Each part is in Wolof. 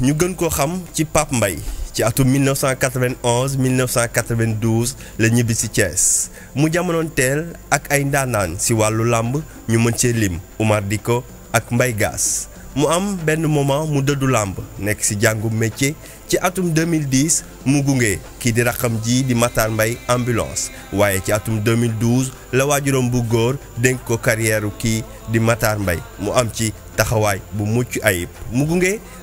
ñu gën koo xam ci Pape mbay ci atum 1991 1992 la ñibbi si Thiès mu jamono teel ak ay ndaanaan ci wàllu làmb ñu mën cee lim Umar ko ak Mbaye Gaas mu am benn moment mu dëddu làmb nekk ci jàngu métier ci atum 2010 mu gunge kii di raxam ji di Matar mbay ambulance waaye ci atum 2012 la waajuram bu góor dénk ko carrière kii di Matar mbay mu am ci taxawaay bu mucc ayib mu gunge.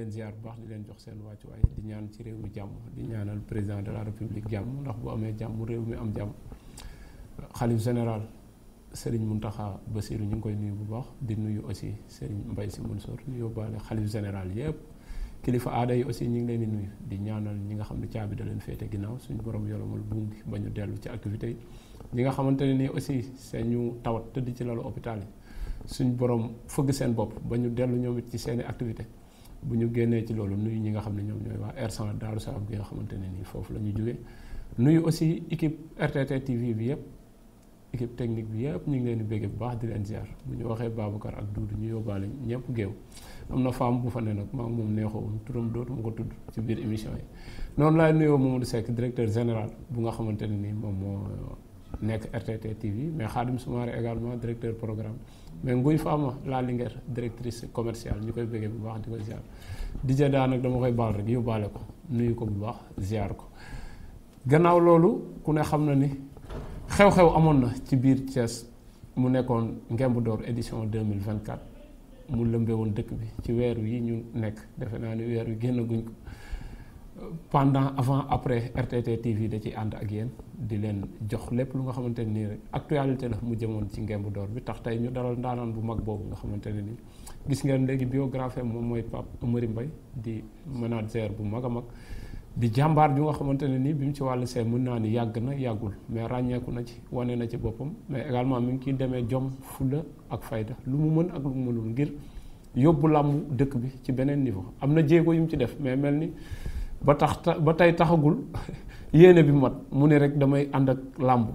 leen ziar bu baax di leen jox seen wàccuwaay di ñaan ci réew mi jàmm di ñaanal président de la république jàmm ndax bu amee jàmm réew mi am jàmm xalif général Serigne Mountakha Bassirou ñu ngi koy nuyu bu baax di nuyu aussi Serigne Mbaye Sy Mansour di yóbbaale xalif général yëpp kilifa aada yi aussi ñu ngi leen di nuyu di ñaanal ñi nga xam ne caabi da leen féete ginnaaw suñu borom yoromal buum ba ñu dellu ci activité ñi nga xamante ne nii aussi seenu tawat tëdd ci lalu hôpital yi suñu borom fëgg seen bopp ba ñu dellu ñoom it ci seeni activité bu ñu génnee ci loolu nuyu ñi nga xam ne ñoom ñooy waa R100 Daaru Salaam gi nga xamante ne nii foofu la ñu jógee nuyu aussi équipe RTT TV bi yëpp équipe technique bi yëpp ñu ngi leen di béggee bu baax di leen ziar bu ñu waxee Babacar ak Doudou ñu yóbbaale ñëpp géew am na femme bu fa ne nag maa ngi moom neexoon turam dootuma ko tudd ci biir émission yi noonu laay nuyoo moom Mamadou sekk directeur général bu nga xamante ne nii moom moo nekk RTT TV mais Khadim Soumaré également directeur programme mais nguy faama laa Linguère directrice commerciale ñu koy bëggee bu baax di ko ziar Didier daa nag dama koy baal rek yóbbaale ko nuyu ko bu baax ziar ko gannaaw loolu ku ne xam na ni xew-xew amoon na ci biir Thiès mu nekkoon ngemb door édition 2024 mu lëmbee woon dëkk bi ci weer wi ñu nekk defe naa ni weer wi génnaguñ ko pendant avant après RTT TV da ciy ànd ak yéen di leen jox lépp lu nga xamante nii actualité la mu jëmoon ci ngemb door bi tax tey ñu dalal ndaanaan bu mag boobu nga xamante ne ni gis ngeen léegi biographie moom mooy Pape Amary Mbaye di manager bu mag a mag di jàmbaar bi nga xamante ne ni bi mu ci wàllu see mun naa ni yàgg na yàggul mais ràññeeku na ci wane na ci boppam mais également mi ngi ciy demee jom fulla ak fayda lu mu mën ak lu mu mënul ngir yóbbu làmb dëkk bi ci beneen niveau ba tax ta ba tey taxagul yéene bi mat mu ne rek damay ànd ak làmb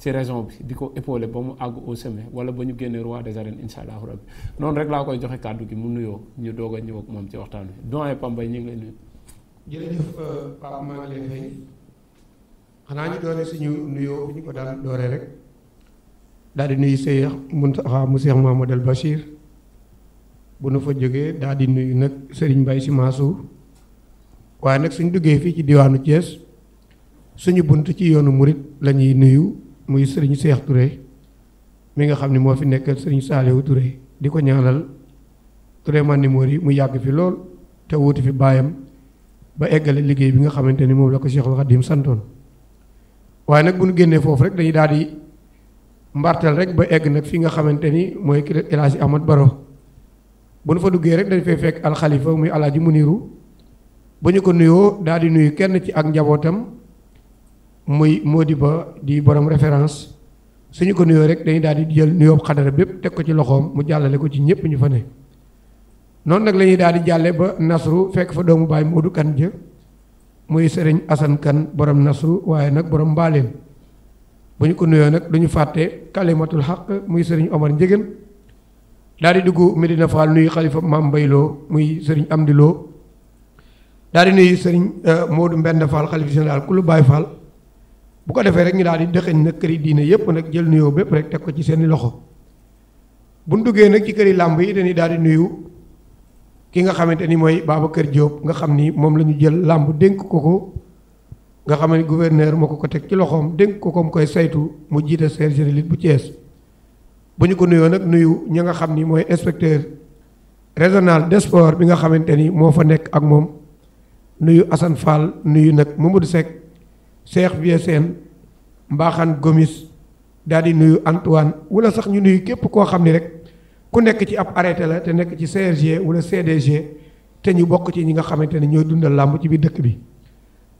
ci raison bi di ko épaulé ba mu àgg o sommet wala ba ñu génnee roi des arènes insha allahu noonu rek laa koy joxe kàddu gi mu nuyoo ñu doog a ñëw ak moom ci waxtaan wi doyen Pambay ñu ngi lay nuyu. Euh, xanaa ñu doore suñu nuyoo bu ñu ko daan dooree rek daal di nuyu Seex Muntaxa mu Seex Mamadou Bachir bu nu fa jógee daal di nuyu nag Serigne Mbaye Sy Mansour waaye nag suñ duggee fii ci diwaanu Thiès suñu bunt ci yoonu murit la ñuy nuyu muy sëriñ Cheikh Touré mi nga xam ne moo fi nekkal sëriñ Saliou Touré di ko ñaanal Touré man moor yi mu yàgg fi lool te wuuti fi baayam ba eggalee liggéey bi nga xamante ni moom la ko Cheikh Khadim santoon waaye nag bu ñu génnee foofu rek dañuy daal di mbartal rek ba egg nag fi nga xamante ni mooy El Hadji Ahmad Baro bu nu fa duggee rek dañ fay fekk alxalifa muy alaaji Muniru bu ñu ko nuyoo daal di nuyu kenn ci ak njabootam muy ba di borom référence suñu ko nuyoo rek dañuy daal di jël nuyoo xadara bépp teg ko ci loxoom mu jàllale ko ci ñëpp ñu fa ne. noonu nag la ñuy daal di jàlle ba Nasru fekk fa doomu baay Modou Kan jë muy sëriñ Assane Kan borom Nasru waaye nag borom mbaaleen bu ñu ko nuyoo nag du fàtte kalimatul xaq muy sëriñ Omar Njëgën daal di dugg Medina Fall nuy xalifa Maam Mbayloo muy sëriñ Amdi daal di nuyu sëriñ euh, Modou Mbend Fall xalif général ku lu Baye Fall bu ko defee rek ñi daal di dëxëñ nag këri diine yëpp nag jël nuyoo bépp rek teg ko ci seeni loxo bu ñu duggee nag ci këri làmb yi dañuy daal di nuyu ki nga xamante ni mooy kër Diop nga xam ni moom la ñu jël làmb dénk ko ko nga xam ne gouverneur moo ko ko teg ci loxoom dénk ko ko mu koy saytu mu jiite sergéri lit bu Thiès bu ñu ko nuyoo nag nuyu ña nga xam ni mooy inspecteur régional des bi nga xamante ni moo fa nekk ak moom nuyu Assane Fall nuyu nag Mamadou Seck Cheikh Vieux seen mbaaxan Gomis daal di nuyu Antoine wala sax ñu nuyu képp koo xam ni rek ku nekk ci ab arrêté la te nekk ci CRG wala CDG te ñu bokk ci ñi nga xamante ne ñooy dundal làmb ci biir dëkk bi.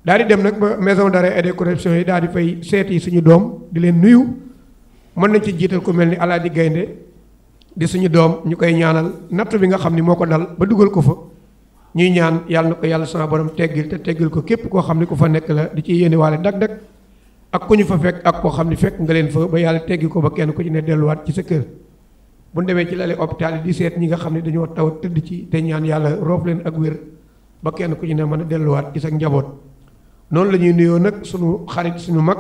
daal di dem nag ba maison d'arrêt et de corruption yi daal di fay seeti suñu doom di leen nuyu mën nañ ci jiital ku mel ni di Gaynde di suñu doom ñu koy ñaanal natt bi nga xam ni moo ko dal ba dugal ko fa. ñuy ñaan yàlla na ko yàlla sama borom teggil te teggil ko képp koo xam ne ku fa nekk la di ci yéene waale ndag ndag ak ku ñu fa fekk ak koo xam ne fekk nga leen fa ba yàlla teggi ko ba kenn ku ci ne delluwaat ci sa kër bu ñu demee ci lale hôpital yi di seet ñi nga xam ne dañoo taw tëdd ci te ñaan yàlla roof leen ak wér ba kenn ku ci ne mën a delluwaat ci sa njaboot noonu la ñuy nuyoo nag suñu xarit suñu mag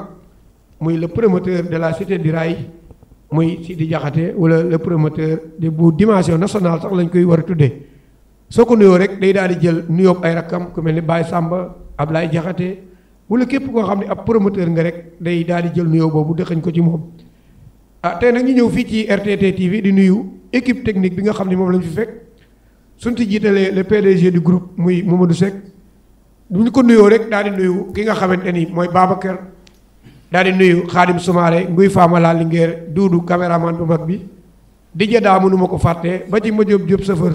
muy le promoteur de la cité du rail muy Sidi Diakhaté wala le promoteur de bu dimension nationale sax lañ koy war a tuddee soo ko nuyoo rek day daal di jël nuyoo ay rakkam ku mel ni Baye Samba Ablaye Jaxate wala képp koo xam ne ab promoteur nga rek day daal di jël nuyoo boobu dëxañ ko ci moom. ah tey nag ñu ñëw fii ci RTT TV di nuyu équipe technique bi nga xam ne moom lañu fi fekk suñu ci jiitalee le PDG du groupe muy du Seck bu ñu ko nuyoo rek daal di nuyu ki nga xamante ni mooy Babacar daal di nuyu Khadim Soumaré nguy faama laa Linguère duudu caméraman bu mag bi di jëdaa mënu ma ko fàttee ba ci ma jóob jóob chauffeur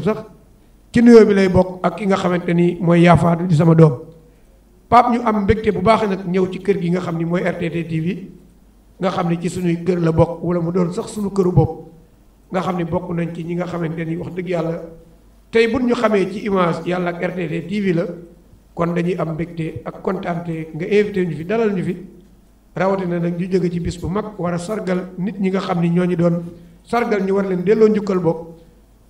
ci nuyoo bi lay bokk ak ki nga xamante ni mooy yaafaatu di sama doom Pape ñu am mbégte bu baax nag ñëw ci kër gi nga xam ni mooy RTT TV nga xam ni ci suñuy kër la bokk wala mu doon sax suñu këru bopp nga xam ni bokk nañ ci ñi nga xamante ni wax dëgg yàlla tey bu ñu xamee ci image yàlla ak RTT TV la kon dañuy am mbégte ak kontaante nga invité ñu fi dalal ñu fi rawatina nag ñu jóge ci bis bu mag war a sargal nit ñi nga xam ni ñoo ñu doon sargal ñu war leen delloo njukkal bokk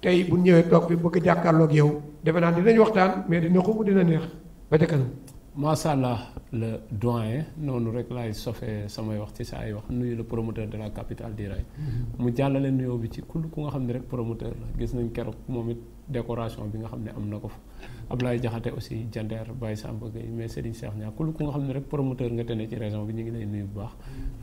tey bu ñëwee toog fi bëgg jàkkaarloog yow defe naa dinañ waxtaan mais dina xumu dina neex ba ca kanam. macha allah noonu rek laay sofee samay wax ci sa ay wax nuyu le promoteur de la capitale di Ray mm-hmm. mu jàllale nuyoo bi ci ku nga xam ne rek promoteur la gis nañ keroog moom it. décoration bi nga xam ne am na ko fa Ablaye Jaxate aussi Jander Baye Samba Gueye mais Serigne Cheikh ñaa ku ku nga xam ne rek promoteur nga tene ci région bi ñu ngi lay bu baax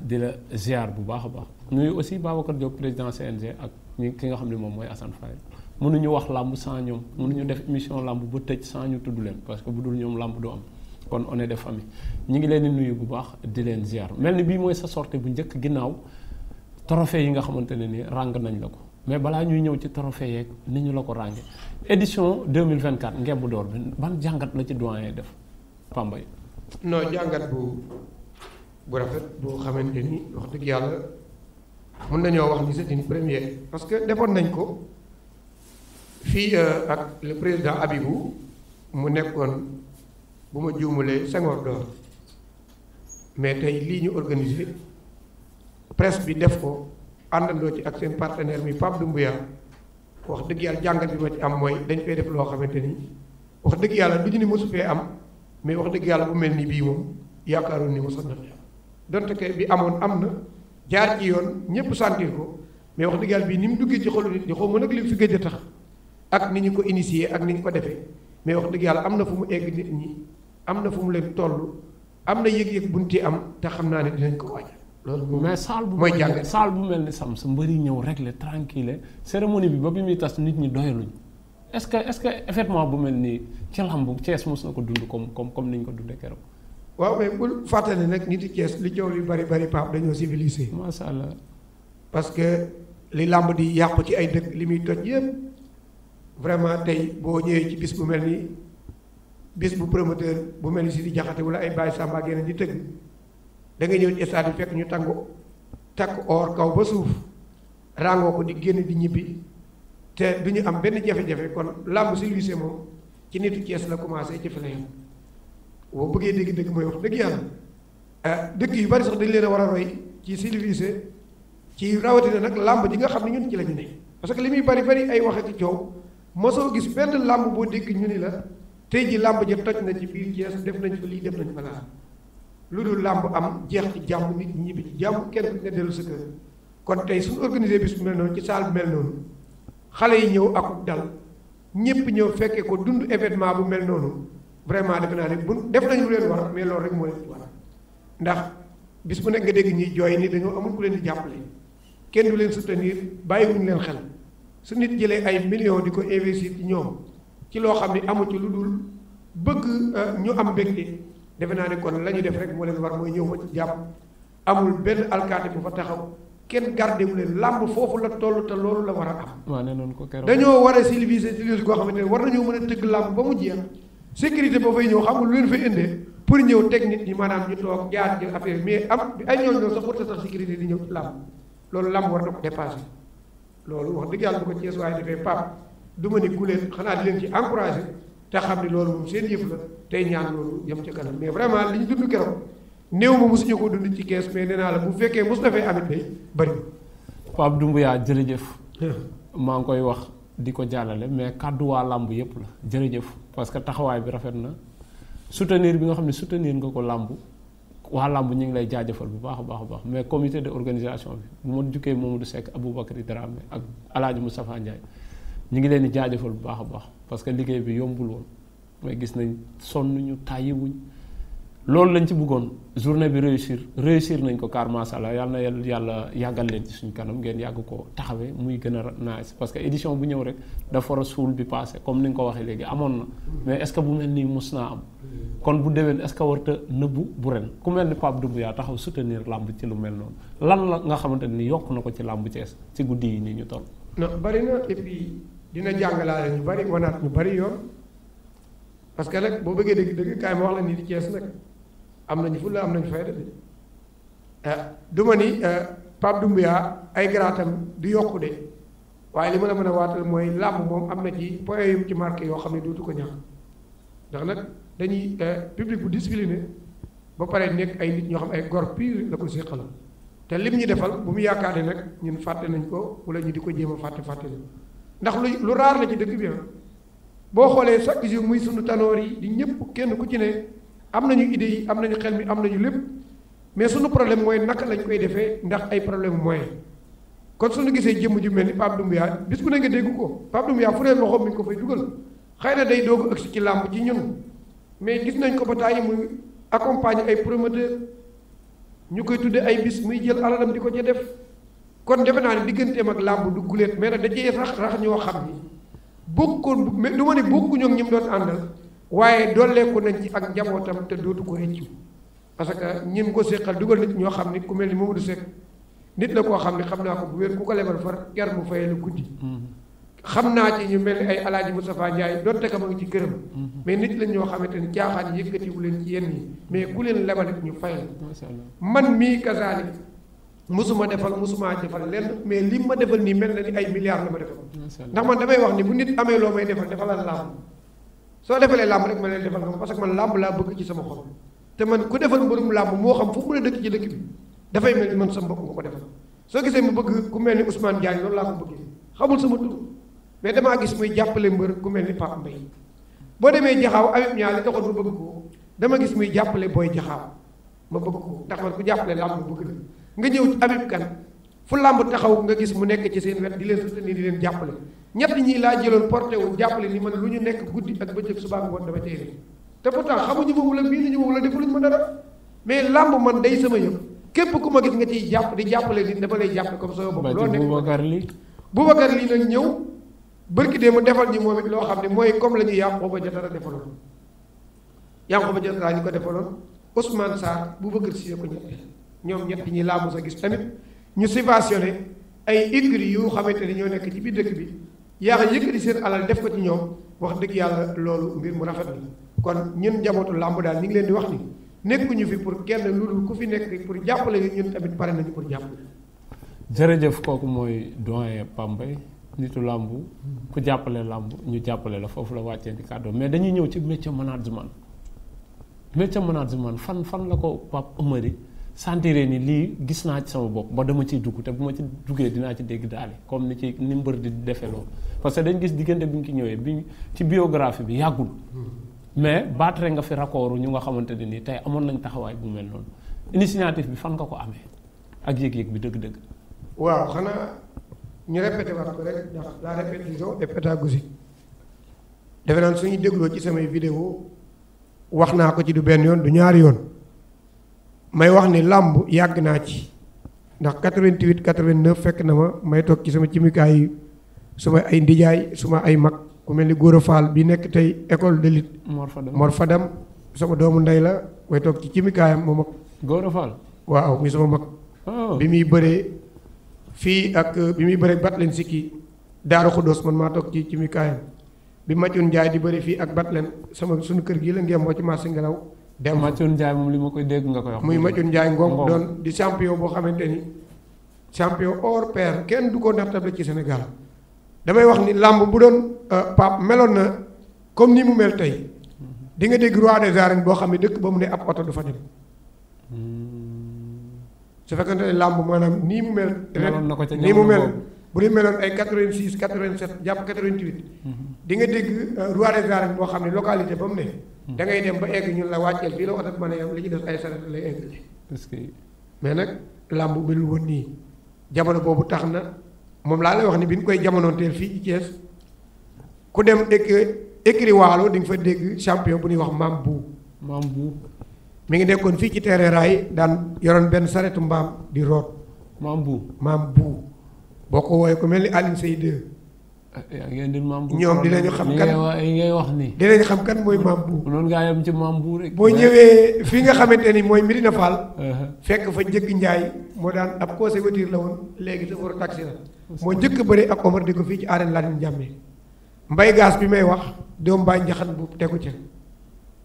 di la ziar bu baax a baax nuyu aussi Babacar Diop président CNG ak ñi ki nga xam ne moom mooy Assane Faye mënuñu wax làmb sans ñoom mënuñu def émission làmb ba tëj sans ñu tudd leen que bu dul ñoom làmb du am kon on est de ngi leen di nuyu bu baax di leen ziar mel ni bii mooy sa sortie bu njëkk ginnaaw trophée yi nga xamante ne ni ràng nañ la ko mais balaa ñuy ñëw ci trophée yeeg ni ñu la ko rànge édition 2024 ngemb door bi ban jàngat la ci doyen def Pambay non jàngat bu bu rafet boo xamante ni wax dëgg yàlla mën nañoo wax ni c'est une première parce que defoon nañ ko fii euh, ak le président Abibou mu nekkoon bu ma juumulee Senghor d'or mais tey lii ñu organisé presse bi def ko àndandoo ci ak seen partenaire mi Pape Doumbouya wax dëgg yàlla jàngat bi ma ci am mooy dañ fay def loo xamante ni wax dëgg yàlla du ñu ni mosu fee am mais wax dëgg yàlla bu mel nii bii moom yaakaaroon ni mosoon na donte que bi amoon am na jaar ci yoon ñëpp sentir ko mais wax dëgg yàlla bii ni mu duggee ci xolu nit ñi xaw ma nag li mu fi gëj a tax ak ni ñu ko initier ak ni ñu ko defee mais wax dëgg yàlla am na fu mu egg nit ñi am na fu mu leen toll am na yëg-yëg buñ ci am te xam naa ne dinañ ko mais saal bu mel saal bu mel ni sam sa mbëri ñëw régler tranquille cérémonie bi ba bi muy tas nit ñi doyaluñ est-ce que est-ce que effectivement bu mel nii ci lambu Thiès mos na ko dund comme comme comme ni ñu ko dundee keroog. waaw mais bul fàtte ne nag nit yi Thiès li coow li bari bari Pape dañoo civilisé. macha allah. parce que li làmb di yàqu ci ay dëkk li muy toj yëpp vraiment tey boo ñëwee ci bis bu mel nii bis bu promoteur bu mel ni si di jaxate wala ay Baye Samba ak yeneen di tëgg. da nga ñëw stade bi fekk ñu tàngu takk or kaw ba suuf ràngoo ko di génn di ñibbi te du ñu am benn jafe-jafe kon làmb si lycée moom ci nitu Thiès la commencé ci fi la yem boo bëggee dégg dëgg mooy wax dëgg yàlla eh, dëkk yu bari sax dañ leen a war a roy ci civilisé ci rawatina nag làmb ji nga xam ne ñun ci la ñu ne parce que li muy bari bari ay wax ak coow soo gis benn làmb boo dégg ñu ni la tey ji làmb ji toj na ci biir Thiès def nañ fa lii def nañ fa lu dul làmb am jeex ci jàmm nit ñibbi ci jàmm kenn ne dellu sa kër kon tey suñu organisé bis bu mel noonu ci saal bu mel noonu xale yi ñëw akub dal ñëpp ñëw fekkee ko dund événement bu mel noonu vraiment defe naa ne bu def nañu leen war mais loolu rek moo leen ndax bis bu nekk nga dégg ñuy jooy ni dañoo amul ku leen di jàppale kenn du leen soutenir bàyyiwuñu leen xel su nit jëlee ay millions di ko investir ci ñoom ci loo xam ne amu ci lu dul bëgg euh, ñu am mbégte defe naa ne kon la ñu def rek moo leen war mooy ñëw fa ci jàpp amul benn alkaati bu fa taxaw kenn gardé wu leen làmb foofu la toll te loolu la war a am. waaw nee nañu ko keroog dañoo war a civiliser ci war nañoo mën a tëgg làmb ba mu jeex sécurité ba fay ñëw xam nga lu leen fay indee pour ñëw teg nit ñi maanaam ñu toog jaar jël affaire mais am ay ñooñu ñoom sax warut a sax sécurité di ñëw ci làmb loolu làmb war na ko dépassé loolu wax dëgg yàlla bu ko Cees waaye dafay paap du ma ku leen xanaa leen ci encouragé. te xam ne loolu moom seen yëf la tey ñaan loolu jëm ci kanam mais vraiment li ñu dund keroog néew ma mosuñu ko dund ci kees mais nee naa la bu fekkee mos na fee amit day bëri. Pape Doumbouya jërëjëf. maa ngi koy wax di ko jàllale mais kàddu waa làmb yëpp la jërëjëf parce que taxawaay bi rafet na soutenir bi nga xam ne soutenir nga ko làmb waa làmb ñu ngi lay jaajëfal bu baax a baax a baax mais comité de organisation bi bu ma jukkee Mamadou Seck Aboubacar Dramé ak El Hadj Moustapha Ndiaye. ñu ngi leen di jaajëfal bu baax a baax parce que liggéey bi yombul woon gis nañ sonn ñu tàyyiwuñ loolu lañ ci bëggoon journée bi réussir réussir nañ ko car macha allah yàlla na yàlla yàggal leen ci suñ kanam ngeen yàgg ko taxawee muy gën a nice parce que édition bu ñëw rek dafa war a suul bi passé comme ni nga ko waxee léegi amoon na mais est que bu mel nii mus naa am kon bu déwén est ce que warta nëbbu bu ren ku mel ni Pape Doumbia taxaw soutenir làmb ci lu mel noonu lan la nga xamante ni yokk na ko ci làmb Cees ci guddi yi nii ñu toll. dina jàngalaale ñu bari wanaat ñu bari yoon parce que nag boo bëggee dëgg dëgg kaay ma wax la nii di Cees nag am nañu fulla am nañu fayda de ah, du ma ni ah, Pape Doumbia ay garaatam di yokku de waaye li ma la mën a waatal mooy làmb moom am na ci point yu ci marqué yoo xam ne dootu ko ñàkk ndax nag dañuy ah, public bu discipliné ba pare nekk ay nit ñoo xam ay gor pire la ko séqal te lim ñu defal bu mu yaakaar ne nag ñun fàtte nañ ko wala ñu di ko jéem a fàtte fàtte ndax lu lu raar la ci dëkk bi ah. boo xoolee chaque si muy sunu tanoor yi di ñëpp kenn ku ci ne am nañu idée yi am nañu xel mi am nañu lépp mais sunu problème mooy naka lañu koy defee ndax ay problème moyen kon suñu gisee jëmm ju mel ni Pape Doumbia bis bu ne nga dégg ko Pape Doumbia fu ne loxoom mi ngi ko fay dugal xëy na day doog agsi ci làmb ci ñun mais gis nañ ko ba tàyyi muy accompagner ay promoteur ñu koy tuddee ay bis muy jël alalam di ko ca def kon defe naa ne digganteem ak làmb du guleet mais nag da cee rax rax ñoo xam ni bokkoon du ma ne bokkuñu ak ñi mu doon àndal waaye dolleeku nañ ci ak njabootam te dootu ko rëccu parce que ñin ko séqal dugal nit ñoo xam ni ku mel ni Mamadou Seck nit la koo xam ne xam naa ko wér ku ko lebal far ker mu fayee lu xam naa ci ñu mel ni ay alaaji Moustapha Ndiaye donte ka ci këram. mais nit lañ ñoo xamante ni caaxaan yëkkatiwu leen ci yenn yi mais ku leen lebal it ñu fayal. man mii kasaalik musuma defal musuma defal lenn mais li ma defal nii mel na ni ay milliards la ma defal ndax man damay wax ni bu nit amee loo may defal defalal làmb soo defalee làmb rek ma leen defal xam parce que man làmb laa bëgg ci sama xol te man ku defal mbërum làmb moo xam fu mu la dëkk ci dëkk bi dafay mel ni man sa mbokk nga ko defal soo gisee mu bëgg ku mel ni Ousmane Diagne loolu laa ko bëggee xamul sama tur mais damaa gis muy jàppale mbër ku mel ni Pape Mbaye boo demee jaxaaw Habib Niang li taxoon ma bëgg ko dama gis muy jàppale booy jaxaaw ma bëgg ko ndax man ku jàppale làmb bëgg la nga ñëw Habib Kane fu làmb taxaw nga gis mu nekk ci seen wet di leen soutenir di leen jàppale ñett ñi laa jëloon porté wu jàppale ni man lu ñu nekk guddi ak bëccëg subaa ngoon dama teel te pourtant xamuñu ma wala bii ñu ma wala ma dara mais làmb man day sama yëpp képp ku ma gis nga ciy jàpp di jàppale di dama lay jàppale comme sama bopp loo nekk Boubacar lii Boubacar lii nag ñëw bërki dee mu defal ñu moom it loo xam ne mooy comme la ñu Yankhoba Diattara defaloon Yankhoba Diattara ñu ko defaloon Ousmane Sarr Boubacar Sy ko ñetti ñoom ñett ñi laa sa gis tamit ñu subventionné ay écuries yu xamante ni ñoo nekk ci biir dëkk bi yaa ngi yëkkati seen alal def ko ci ñoom wax dëgg yàlla loolu mbir mu rafet la kon ñun njabootu làmb daal ñu ngi leen di wax ni nekkuñu fi pour kenn lu dul ku fi nekk pour jàppale ñun tamit pare nañu pour jàppale. jërëjëf kooku mooy doyen Pambay nitu làmb ku jàppale làmb ñu jàppale la foofu la wàccee di kàddu mais dañuy ñëw ci métier management métier management fan fan la ko Pape sentiré ni lii gis naa ci sama bopp ba dama ciy dugg te bu ma ci duggee dinaa ci dégg daale comme ni ci ni mbër di defee loolu parce que dañ gis diggante bi ñu ci ñëwee bi ci biographie bi yàggul mais baatre nga fi raccordu ñu nga xamante ne nii tey amoon nañ taxawaay bu mel noonu initiative bi fan nga ko amee ak yëg-yëg bi dëgg-dëgg waaw xanaa ñu répété wax ko rek ndax la répétition est defe naan suñu dégloo ci samay vidéo wax naa ko ci du benn yoon du ñaari yoon may wax ni làmb yàgg naa ci ndax 88 89 fekk na ma may toog ci sama cimikaay suma ay ndijaay suma ay mag ku mel ni Gora bi nekk tey école de lutte. Mor Fadam Mor Fadam sama doomu ndey la may toog ci cimikaayam moom ak. Gora Fall waaw muy sama mag. Oh. bi muy bëree fii ak bi muy bëree Batlen Sikki Daaru Xuddoos man maa toog ci cimikaayam bi Macoune Ndiaye di bëri fii ak Batlen sama sunu kër gii la ngeem moo ci marché ngelaw. dem Macoune Ndiaye moom li ma koy dégg nga koy wax. muy Macoune Ndiaye Ngom doon di champion boo xamante ni champion hors pair kenn du ko nattable ci Sénégal damay wax ni làmb bu doon euh, Pape meloon na comme ni mu mel tey di nga dégg roi des arènes boo xam ne dëkk ba mu ne ab oto du fa dem. Hmm. su fekkante ne làmb maanaam nii mu mel. meloon na ko ca nii mu mel. bu ñu meloon ay 86 87 jàpp 88. Mhm. di nga dégg euh, roi des arènes boo xam ne localité ba mu ne. Mhm. da ngay dem ba egg ñun la wàcceel fii la oto mën a ay saret lay egg. est-ce que mais nag làmb bi melul woon nii jamono boobu tax na moom laa lay wax ni bi ñu koy jamonoonteel fii ci Thiès ku dem écr écri waalo di fa dégg champion bu ñuy wax maam bu maam bu mi ngi nekkoon fii ci terrain raay daan yoroon benn saretu mbaam di root. maam bu ma bu. boo ko woowee ku mel ni Alioune Seye 2. Eh, ñoom dinañu xam kan ngay wax ni dinañu xam kan mooy maam bu noonu ngaa yem ci maam bu rek boo ñëwee fii nga xamante ni mooy Medina Fall eh, eh. fekk fa njëkk njaay moo daan ab conservateur la woon léegi chauffeur taxi la moo njëkk bëri ak Omar di ko fii ci arène Lamine Jàmme mbay gaas bi may wax doom baa njaxan bu tegu ca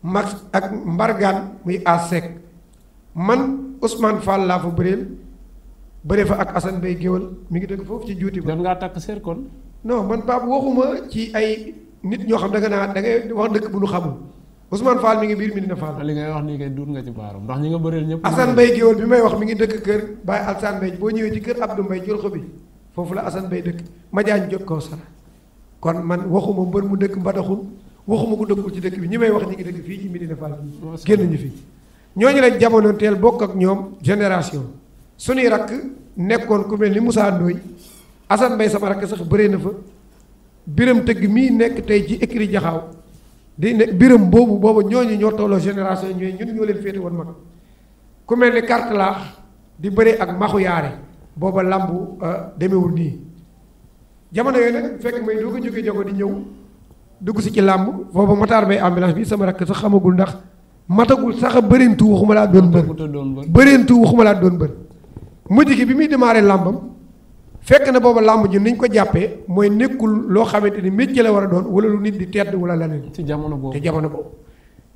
max ak mbargaan muy asec man Ousmane Fall laa fa bëreel bëre fa ak Assane Mbaye géwal mi ngi dëkk foofu ci juuti ba. doon ngaa takk seer kon. non man Pape waxuma ci ay nit ñoo xam da nga naan da ngay wax dëkk bu nu xamul Ousmane Fall mi ngi biir Medina Fall. li ngay wax nii kay duut nga ci baaram ndax ñi nga bëreel ñëpp. Assane Mbaye bi may wax mi ngi dëkk kër Baye Alsane Mbaye boo ñëwee ci kër Abdou Mbaye jël ko bi foofu la asan Mbaye dëkk ma jaañ jot kaw sara kon man waxuma mbër mu dëkk mbadaxul waxuma ko dëkkul ci dëkk bi ñi may wax ñi ngi dëkk fii ci Medina Fall génn ñu fi ñooñu lañ jamono teel bokk ak ñoom génération suñuy rakk nekkoon ku mel ni Moussa Ndoye Assane Mbaye sama rakk sax bëree na fa biram tëgg mii nekk tey ci écrit jaxaaw di ne biram boobu boobu ñooñu ñoo tolloo génération ñooy ñun ñoo leen féete woon mag ku mel ni carte di bëri ak maxu yaare booba làmb euh, demewul nii jamono yooyu nag fekk may doo ko jóge jogo di ñëw dugg si ci làmb booba Matar Mbaye ambulance bi sama rakk sax xamagul ndax matagul sax a bërintu waxuma laa doon bër bëreentu waxuma laa doon bër mujj gi bi muy démarré làmbam fekk na boobu làmb ji niñ ko jàppee mooy nekkul loo xamante ni métier la war a doon wala lu nit di tedd wala leneen. ci jamono boobu te jamono boobu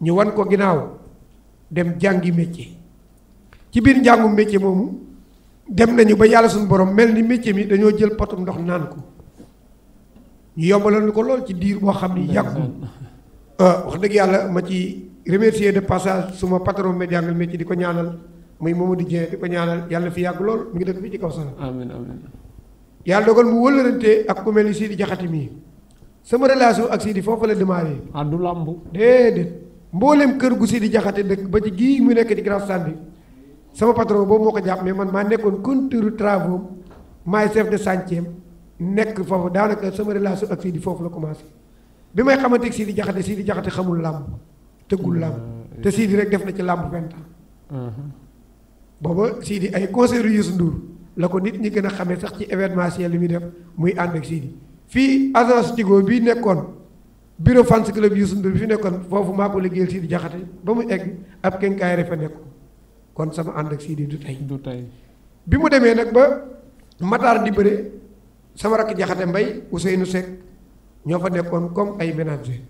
ñu wan ko ginnaaw dem jàngi métier ci biir njàngum métier moomu dem nañu ba yàlla suñu borom mel ni métier mi dañoo jël potum ndox naan ko ñu yombaloon ko lool ci diir boo xam ni yàggul euh, wax dëgg yàlla ma ci remercier de passage suma patron Mediangal métier di ko ñaanal. muy moom Dieng di ko ñaanal yàlla fi yàgg lool mi ngi dëkk fii ci kaw sana yàlla dogal mu wëlërante ak ku mel ni Sidi Jaxate mii sama relation ak Sidi foofu la démarré. ah du làmb. déedéet mboolem kër gu Sidi Jaxate dëkk ba ci gii mu nekk di Grand Stade bi sama patron boobu moo ko jàpp mais man maa nekkoon conteur travaux maay chef de chantier nekk foofu daanaka sama relation ak Sidi foofu la commencé bi may xamante ak Sidi Jaxate Sidi Jaxate xamul làmb tëggul làmb ah, te Sidi rek def na ci làmb vingt ans uh-huh. booba Sidi ay concert yu Youssou Ndour la ko nit ñi gën a ne sax ci événementiel li muy def muy ànd ak Sidi fii agence Tigo bii nekkoon bureau fans club Youssou Ndour bi fi nekkoon foofu maa ko liggéeyal di Jaxate ba mu egg ab kenkaay refa nekkoon kon sama ànd ak Sidi du du tey bi mu demee nag ba Matar di bëre sama rakk Jaxate Mbay nu Seck ñoo fa nekkoon comme ay ménager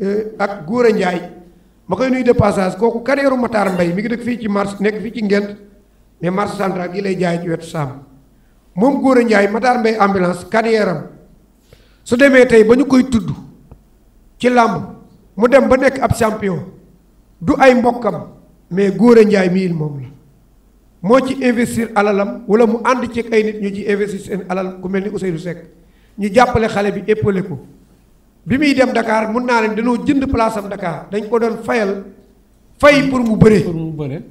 euh, ak a Njaay ma koy nuyu de kooku carrière Matar Mbay mi ngi dëkk fii ci marché nekk fii ci Ngent mais marché central gi lay jaay ci wetu Sàmm moom Gora Ndiaye Matar Mbay ambulance carrière am su demee tey ba ñu koy tudd ci làmb mu dem ba nekk ab champion du ay mbokkam mais Gora Ndiaye mii moom la moo ci investir alalam wala mu ànd ceeg ay nit ñu ci investir seen alal ku mel ni Ousseynou Seck ñu jàppale xale bi éppale ko. bi muy dem Dakar mun naa leen dañoo jënd place am Dakar dañ ko doon fayal fay pour mu bëree. pour mu bëree.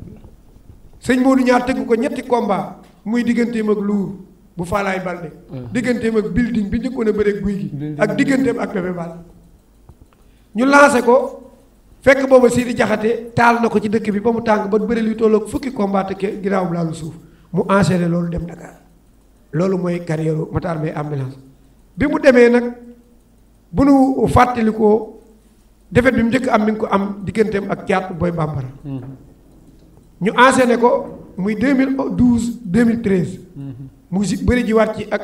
sëñ Modou ñaar tëgg ko ñetti combat muy digganteem ak Lour bu Faalaay Balde. digganteem ak building bi njëkkoon a bëree guy gi. ak digganteem ak Bébé Bal. ñu lancé ko fekk booba Sidi Jaxate taal na ko ci dëkk bi ba mu tàng ba bëri lu tolloog fukki combat te ginnaaw bi laalu suuf mu enchaîné loolu dem Dakar loolu mooy carrière Matar Mbaye ambulance bi mu demee nag. bu nu fàttalikoo defet bi mu njëkk am mi ngi ko am digganteem ak caat booy bambara. ñu enchaîné ko muy 2012 2013. mu si bëri jiwaat ci ak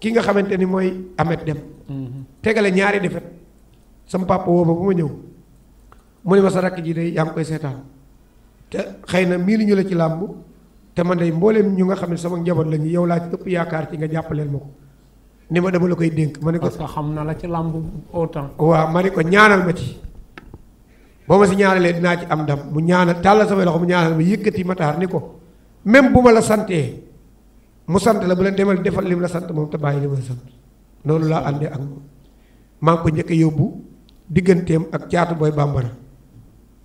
ki nga xamante ni mooy Ahmed Dem tegale ñaari defet sama papa woo ma bu ma ñëw mu ne ma sa rakk ji day yaa ngi koy seetaan te xëy na mii li ñu la ci làmb te man day mbooleem ñu nga xam ne sama njaboot lañu yow laa ci ëpp yaakaar ci nga jàppaleel ma ko. ni ma dama la koy dénk ma ne ko. parce xam na la ci làmb autant. waaw ma ne ko ñaanal ma ci boo ma si ñaanalee dinaa ci am ndam mu ñaanal tàllal samay loxo mu ñaanal ma yëkkati ma taar ni ko même bu ma la santee mu sant la bu leen demal defal lim la sant moom te bàyyi li sant noonu laa àndee ak moom maa ngi ko njëkk a yóbbu digganteem ak caatu booy bambara.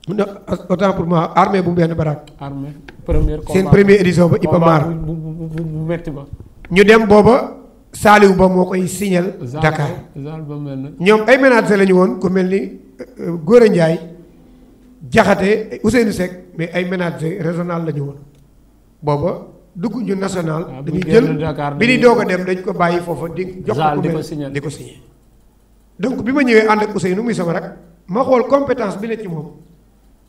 mu na autant pour moi armée bu benn baraak. armée première combat seen première édition ba Iba Mar bu bu bu metti ba. ñu dem booba. Saliou Ba moo koy signal Dakar ñoom ay ménager la ñu woon ku mel ni euh, euh, Gora Ndiaye Jaxate Ousseynou Seck mais ay ménager régional la ñu woon booba dugg ah, ñu national dañu jël bi ni doog a dem dañ ko bàyyi foofa di jox ko ku mel di ko signé donc bi ma ñëwee ànd ak nu muy sama rek ma xool compétence bi ne ci moom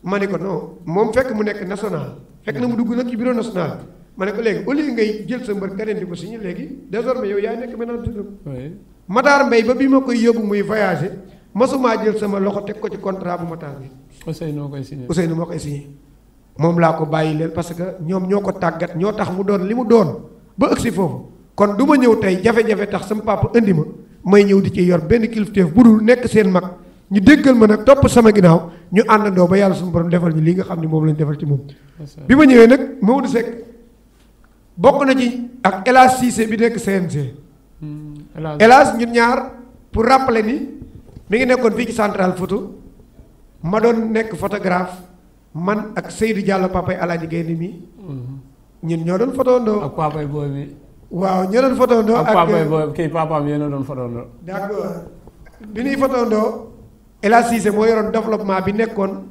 ma ne ko non moom fekk mu nekk national fekk na mu dugg nag ci bureau national ma ne ko léegi au ngay jël sa mbër keneen bi ko signé léegi désormais yow yaay nekk maintenant dëgg. Matar Mbaye ba bi ma koy yóbbu muy voyager masumaa jël sama loxo teg ko ci contrat bu Matar bi. Ousseynou moo koy signé Ousseynou moo koy moom laa ko bàyyi parce que ñoom ñoo ko tàggat ñoo tax mu doon li mu doon ba ëgg foofu kon du ma ñëw tey jafe tax sama papa indi ma may ñëw di ci yor benn kilifteef bu dul nekk seen mag ñu déggal ma nag topp sama ginnaaw ñu àndandoo ba yàlla suñu borom defal ñu nga xam ne moom lañ defal ci moom. bi ma ñëwee nag Maodo Seck bokk na ci ak El Hadj bi nekk CNG. El Hadj ñun ñaar pour rappeler ni mi ngi nekkoon fii ci central photo ma doon nekk photographe man ak Seydou Diallo papay Alaaji Gaynde mi mhm. ñun ñoo doon photondoo ak papay booy mi waaw ñoo doon photondoo ak kii papaam yéen a doon photondoo d'accord bi ñuy photondoo El Hadj Cissé moo yoroon développement bi nekkoon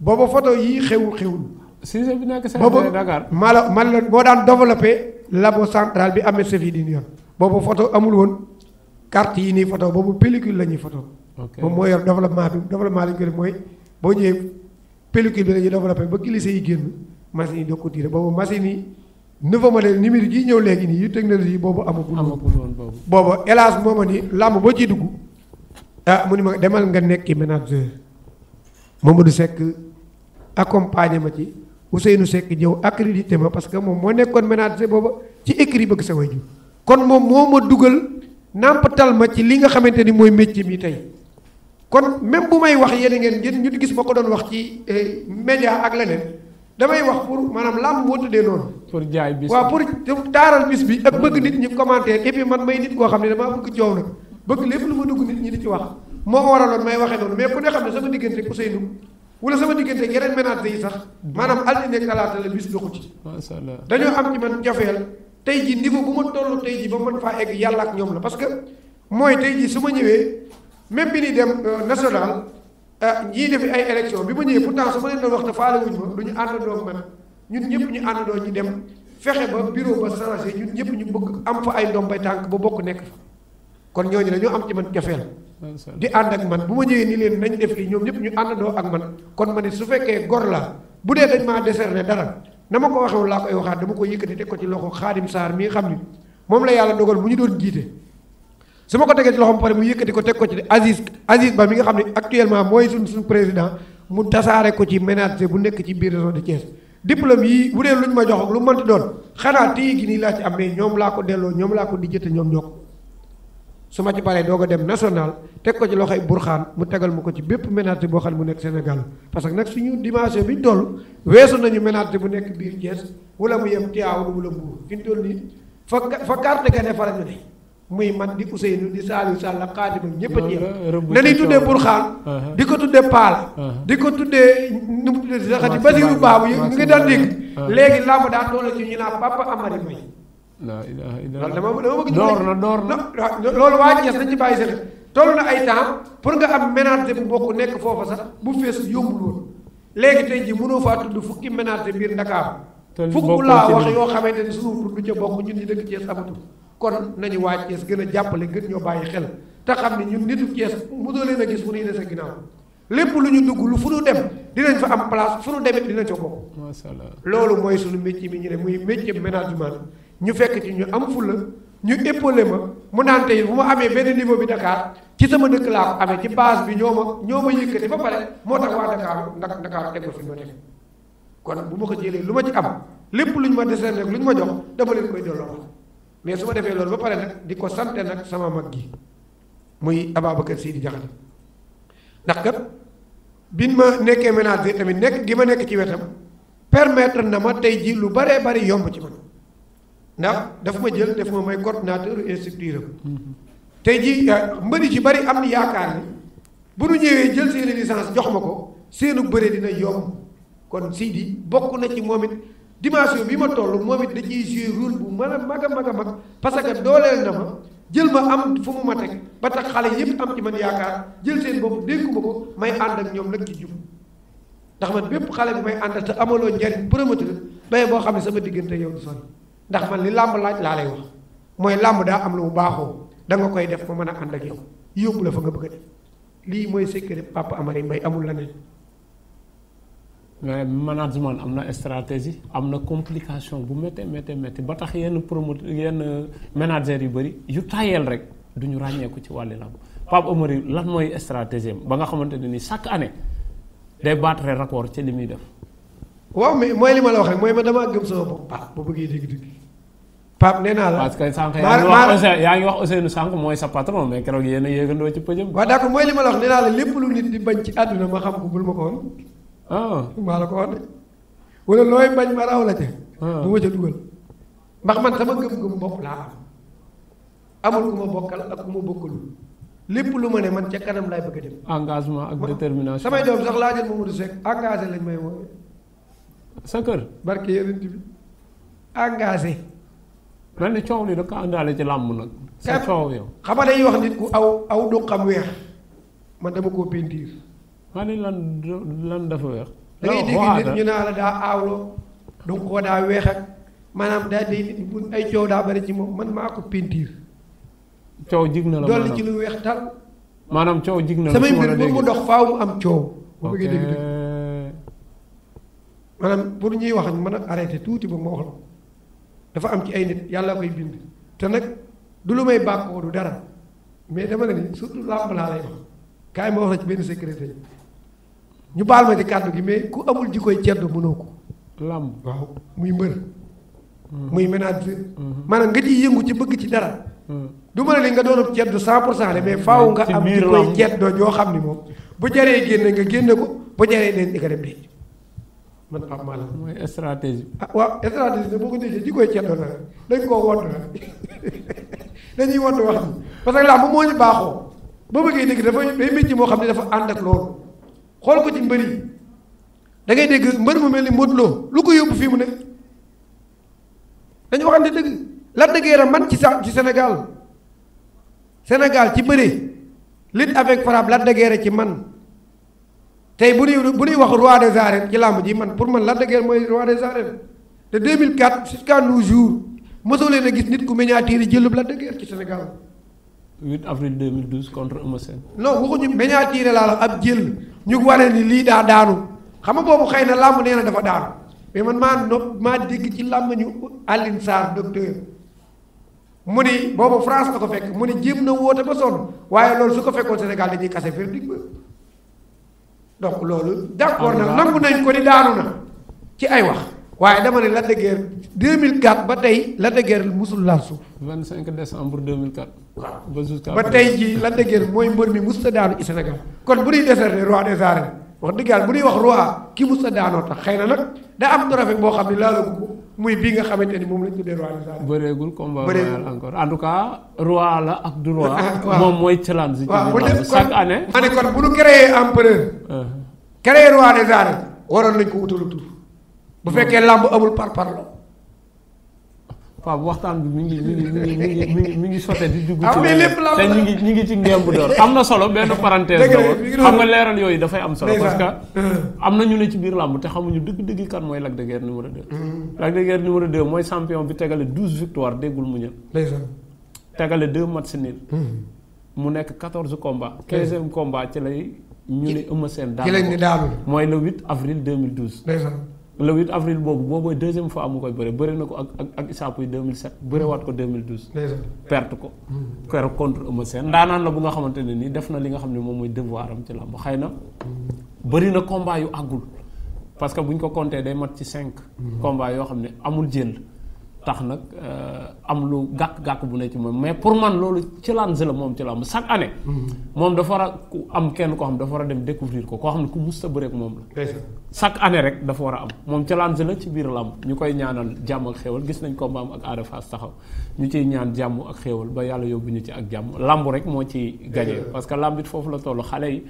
booba photo yii xew xewul Cissé bi nekk CRD Dakar maa la man leen boo daan développé labo central bi amee sëf yi di yoon boobu foto amul woon carte yi nii foto boobu pellicule la ñuy photo moom moo yor développement bi développement la ñu ko mooy boo ñëwee pellicule bi la ñuy développé ba glissé yi génn machine yi doo ko tiré boobu machine yi nouveau modèle numérique yi ñëw léegi nii yu technologie boobu amagul woon boobu hélas moo ma ni làmb boo ci dugg ah mu ni ma demal nga nekk manager Mamadou Seck accompagné ma ci Ousseynou Seck ñëw accrédité ma parce que moom moo nekkoon ménager booba ci écrit bëgg sa wayju kon moom moo ma dugal nàmpatal ma ci li nga xamante ni mooy métier mi tey kon même bu may wax yéen ngeen yéen ñu gis ma ko doon wax ci eh, média ak leneen damay wax pour maanaam làmb moo tuddee noonu. pour jaay bis waaw pour taaral bis bi ak bëgg nit ñi commentaire et puis man may nit koo xam ne damaa bëgg coow nag bëgg lépp lu ma dugg nit ñi di ci wax moo ko waraloon may waxee noonu mais ku ne xam ne sama diggante Ousseynou wala sama diggante yeneen ménage yi sax maanaam altine ak talaata la bis doxu ci. macha allah dañoo am ci man jafeel tey jii niveau bu ma toll tey jii ba mën faa egg yàlla ak ñoom la parce que mooy tey jii su ma ñëwee même bi ni dem euh, national euh, ñii def ay élection bi ma ñëwee pourtant su ma leen doon wax te faale wuñ ma du ñu àndandoo man ñun ñëpp ñu àndandoo ñu dem fexe ba bureau ba changé ñun ñëpp ñu bëgg am fa ay ndombay tànk ba bokk nekk fa kon ñooñu dañoo am ci man jafeel. di ànd ak man bu ma ñëwee ni leen nañ def lii ñoom ñëpp ñu àndandoo ak man kon ma ne su fekkee gor laa bu dee dañ maa décerné dara na ma ko waxee woon laa koy waxaat dama ko yëkkati teg ko ci loxo xaadim saar mi xam ni moom la yàlla dogal bu ñu doon jiite. su ma ko tegee ci loxoom pare mu yëkkati ko teg ko ci Aziz Aziz Ba mi nga xam ne actuellement mooy suñ suñ président mu tasaare ko ci ménage bu nekk ci biir région de Thiès diplôme yii bu dee luñ ma jox ak lu mënti doon xanaa téye gi laa ci am laa ko delloo ñoom laa ko di ñoom ñoo su ma ci paree doo ko dem national teg ko ci loxo loxoy burxaan mu tegal ma ko ci bépp ménage boo xam ne mu nekk Sénégal parce que nag suñu dimension bi ñu toll weesu nañu ménage bu nekk biir Thiès wala mu yem Tivaouane wala la fi ñu toll nii fa fa carte gane fa la ne muy man di Ousseynou di Saliou Sall xaadima ñëpp a jeex na ñuy tuddee Burxaan uh-huh. di ko tuddee Paala uh-huh. di ko tuddee nu mu tuddee saxati Basiru Baabu yi ngi daan dégg uh-huh. léegi làmb daa toll ci ñu naan Papa Amari May la ilaha illallah dama na door na loolu waa Thiès dañ ci bàyyi seen toll na ay temps pour nga am ménage bu bokk nekk foofa sax bu fees yombul woon léegi tey jii mënoo faa tudd fukki ménage biir Dakar. fukk laa wax yoo xamante ne suñu tur du ca bokk ñu ni dëkk Thiès amatul. kon nañu waa Thiès gën a jàppale gën ñoo bàyyi xel te xam ne ñun nitu Thiès mënoo leen gis fu ñuy des a ginnaaw lépp lu ñu dugg lu fu ñu dem dinañ fa am place fu ñu demit dina ca bokk. macha allah loolu mooy suñu métier mi ñu ne muy métier ménagement ñu fekk ci ñu am fulla ñu épaulé ma mu naan tey bu ma amee benn niveau bi Dakar ci sama dëkk laa ko amee ci base bi ñoo ma ñoo ma yëkkati ba pare moo tax waa Dakar ndax Dakar teg fi ma teg kon bu ma ko jëlee lu ma ci am lépp lu ñu ma deseen rek lu ñu ma jox dama leen koy delloo mais su ma defee loolu ba pare nag di ko sante nag sama mag gi muy Ababacar Sidi Diakhaté ndax kat biñ ma nekkee ménager tamit nekk gi ma nekk ci wetam permettre na ma tey ji lu baree bari yomb ci man ndax daf ma jël def ma may coordonnateur instructeur am mm-hmm. tey jii euh, mbëri ci bari am na yaakaar ni bu nu ñëwee jël seeni licence jox ma ko seenu bëre dina yomb kon di bokk na ci moom it dimension bi ma toll moom it da ciy jouer rôle bu ma a mag a mag a mag parce que dooleel na ma jël ma am fu mu ma teg ba tax xale yëpp am ci man yaakaar jël seen bopp dénku ma ko may ànd ak ñoom nag ci jub ndax man bépp xale bi may àndal te amaloo njariñ promoteur bay boo xam ne sama diggante yow du sori ndax man li làmb laaj laa lay wax mooy làmb daa am la mu baaxoo da nga koy def ko mën a ànd ak yow yóbbu la fa nga bëgg a def lii mooy secret Papa Amary Mbaye amul leneen. mais management am na stratégie am na complication bu méttee méttee méttee ba tax yenn promoteur yenn managers yu bëri yu tayeel rek duñu ñu ràññeeku ci wàllu làmb Papa Amary lan mooy stratégie ba nga xamante ne ni chaque année day battre record ci li muy def. waaw mais mooy li ma la wax rek mooy ma damaa gëm sama bopp Pape ba bëggee dégg-dégg Pape nee naa la. parce que sànq yaa ngi wax Ousseynou sànq mooy sa patron mais keroog yéen a yéegandoo ci pëjam. waaw d'accord mooy li wax nee naa la lépp lu nit di bañ ci àdduna ma xam ko bul ma ko woon. ah maa la ko woon de wala looy bañ ma raw la ca. Ah. du man sama gëm-gëm bopp laa am amul ku ma bokkal ak ku ma bokkalul lépp lu ma ne man ca kanam laay bëgg a dem. engagement ak détermination. samay doom sax laa jël Mamadou Seck engagé may woowee. sa kër. barke yonent bi engagé. mel ni coow li da ko àndaale ci làmb nag. sa coow yow. xam nga dañuy wax nit ku aw aw duqam weex man dama koo pentiir. maa ni lan dafa weex. da ngay dégg nit ñu naa la daa aawloo donc koo daa weex ak maanaam daa day nit ay coow daa bari ci moom man maa ko pentiir. coow jig na la dolli ci lu weex tal. maanaam coow jig na la samay mbir mu dox faaw mu am coow. bu bëggee dégg dégg. maanaam pour ñuy wax mën a arrêté tuuti ba ma wax la dafa am ci ay nit yàlla koy bind te nag du lu may bàkkoo du dara mais dama ne ni surtout làmb laa lay wax kaay ma wax la ci benn sécurité ñu baal ma ci kàddu gi mais ku amul ji koy ceddo mënoo ko làmb muy mbër hmm. muy ménage hmm. maanaam nga ciy yëngu ci bëgg ci dara hmm. du ma ne li nga doon ceddo cent pour cent mais faw nga am ji koy ceddoo joo xam ni moom bu jaree génn nga génn ko bu jaree neen di nga dem denc man xam maa la mooy stratégie. ah waaw stratégie boo ko déggee ji koy ceddo la dañ koo wott la dañuy wott wax parce que làmb moo ñu baaxoo boo bëggee dégg dafa day métti moo xam ne dafa ànd ak loolu xool ko ci mbër dangay dégg mbër mu mel ni Modou lu ko yóbbu fii mu ne dañu waxante dëgg Lac de man ci sa ci Sénégal Sénégal ci bëre lutte avec frappe Lac de Guiers ci man. tey bu ñuy bu ñuy wax roi des arènes ci làmb ji man pour man Lac de Guiers mooy roi des arènes de 2004 jusqu'à nos jours mosoo leen a gis nit ku miniature yi jëlub Lac de Guiers ci Sénégal. 8 avril 2012 contre Eumeu Sène. non waxuñu miniature laa la ab jël ñu wane ni lii daa daanu xam nga boobu xëy na làmb nee na dafa daanu mais man maa nopp maa dégg ci làmb ñu Alioune Sarr docteur. mu ni boobu France la ko fekk mu ni jéem na woote ba sonn waaye loolu su ko fekkoon Sénégal dañuy kase verdict ba donc loolu d'accord nag nangu nañ ko ni daanu na ci ay wax waaye dama ne Lac de Guiers 2004 ba tey Lac de Guiers musul laal suuf. 25 décembre 2004. waaw ba tey jii Lac de Guiers mooy mbër mi musta daanu ci Sénégal kon bu ñuy décerner roi des wax dëgg bu ñuy wax roi ki musta daanoo tax xëy na nag da am trophée boo xam ne laalu ko. muy bii nga xamante ni moom lañ tuddee roi des arènes. bëreegul combat royal encore en tout cas roi la ak du roi. moom mooy challenge. waaw bu dee chaque année. ma ne kon am ñu créé empereur. Euh. roi des arènes. waroon nañ ko utalu tur. bu fekkee làmb amul par parlo Pape waxtaan bi mi ngi mi ngi mi ngi mi ngi mi ngi sote di dugg ah, ci te ñu ngi ñu ngi ci ngemb door am na solo benn parenthèse la woon xam nga leeral yooyu dafay am solo parce que uh-huh. am na ñu ne ci biir làmb te xamuñu dëgg-dëgg kan mooy Lac de Guiers numéro 2 uh-huh. Lac de Guiers numéro 2 mooy champion bi tegale 12 victoire déggul mu ñëw tegale 2 matchs nil uh-huh. mu nekk 14 combats 15e combat ci lay ñu ne Eumeu Sène daal mooy le 8 avril 2012 le 8 avril boobu boobu mooy deuxième fois mu koy bëre bëre na ko ak ak ak isaapuy 2007 bërewaat ko 2012. perte ko. Hmm. keroog contre Eumeu Sène ndaanaan la bu nga xamante ne nii def na li nga xam ne moom mooy devoir am ci làmb xëy na bëri na combat yu àggul parce que bu ñu ko compté day mat ci cinq hmm. combat yoo xam ne amul jël. tax nag euh, am lu gàkk-gàkk bu ne moom mais pour man loolu ci Lanze la moom ci làmb chaque année. moom dafa war a am kenn koo xam dafa war a dem découvrir ko koo xam ne ku mus a bëreek moom la. chaque année rek dafa war a am moom ci Lanze la ci biir làmb ñu koy ñaanal jàmm ak xéewal gis nañ ko mbaam ak Ada Fass taxaw ñu ciy ñaan jàmm ak xéewal ba yàlla yóbbu ñu ci ak jàmm làmb rek moo ci gañee parce que làmb foofu la toll xale yi.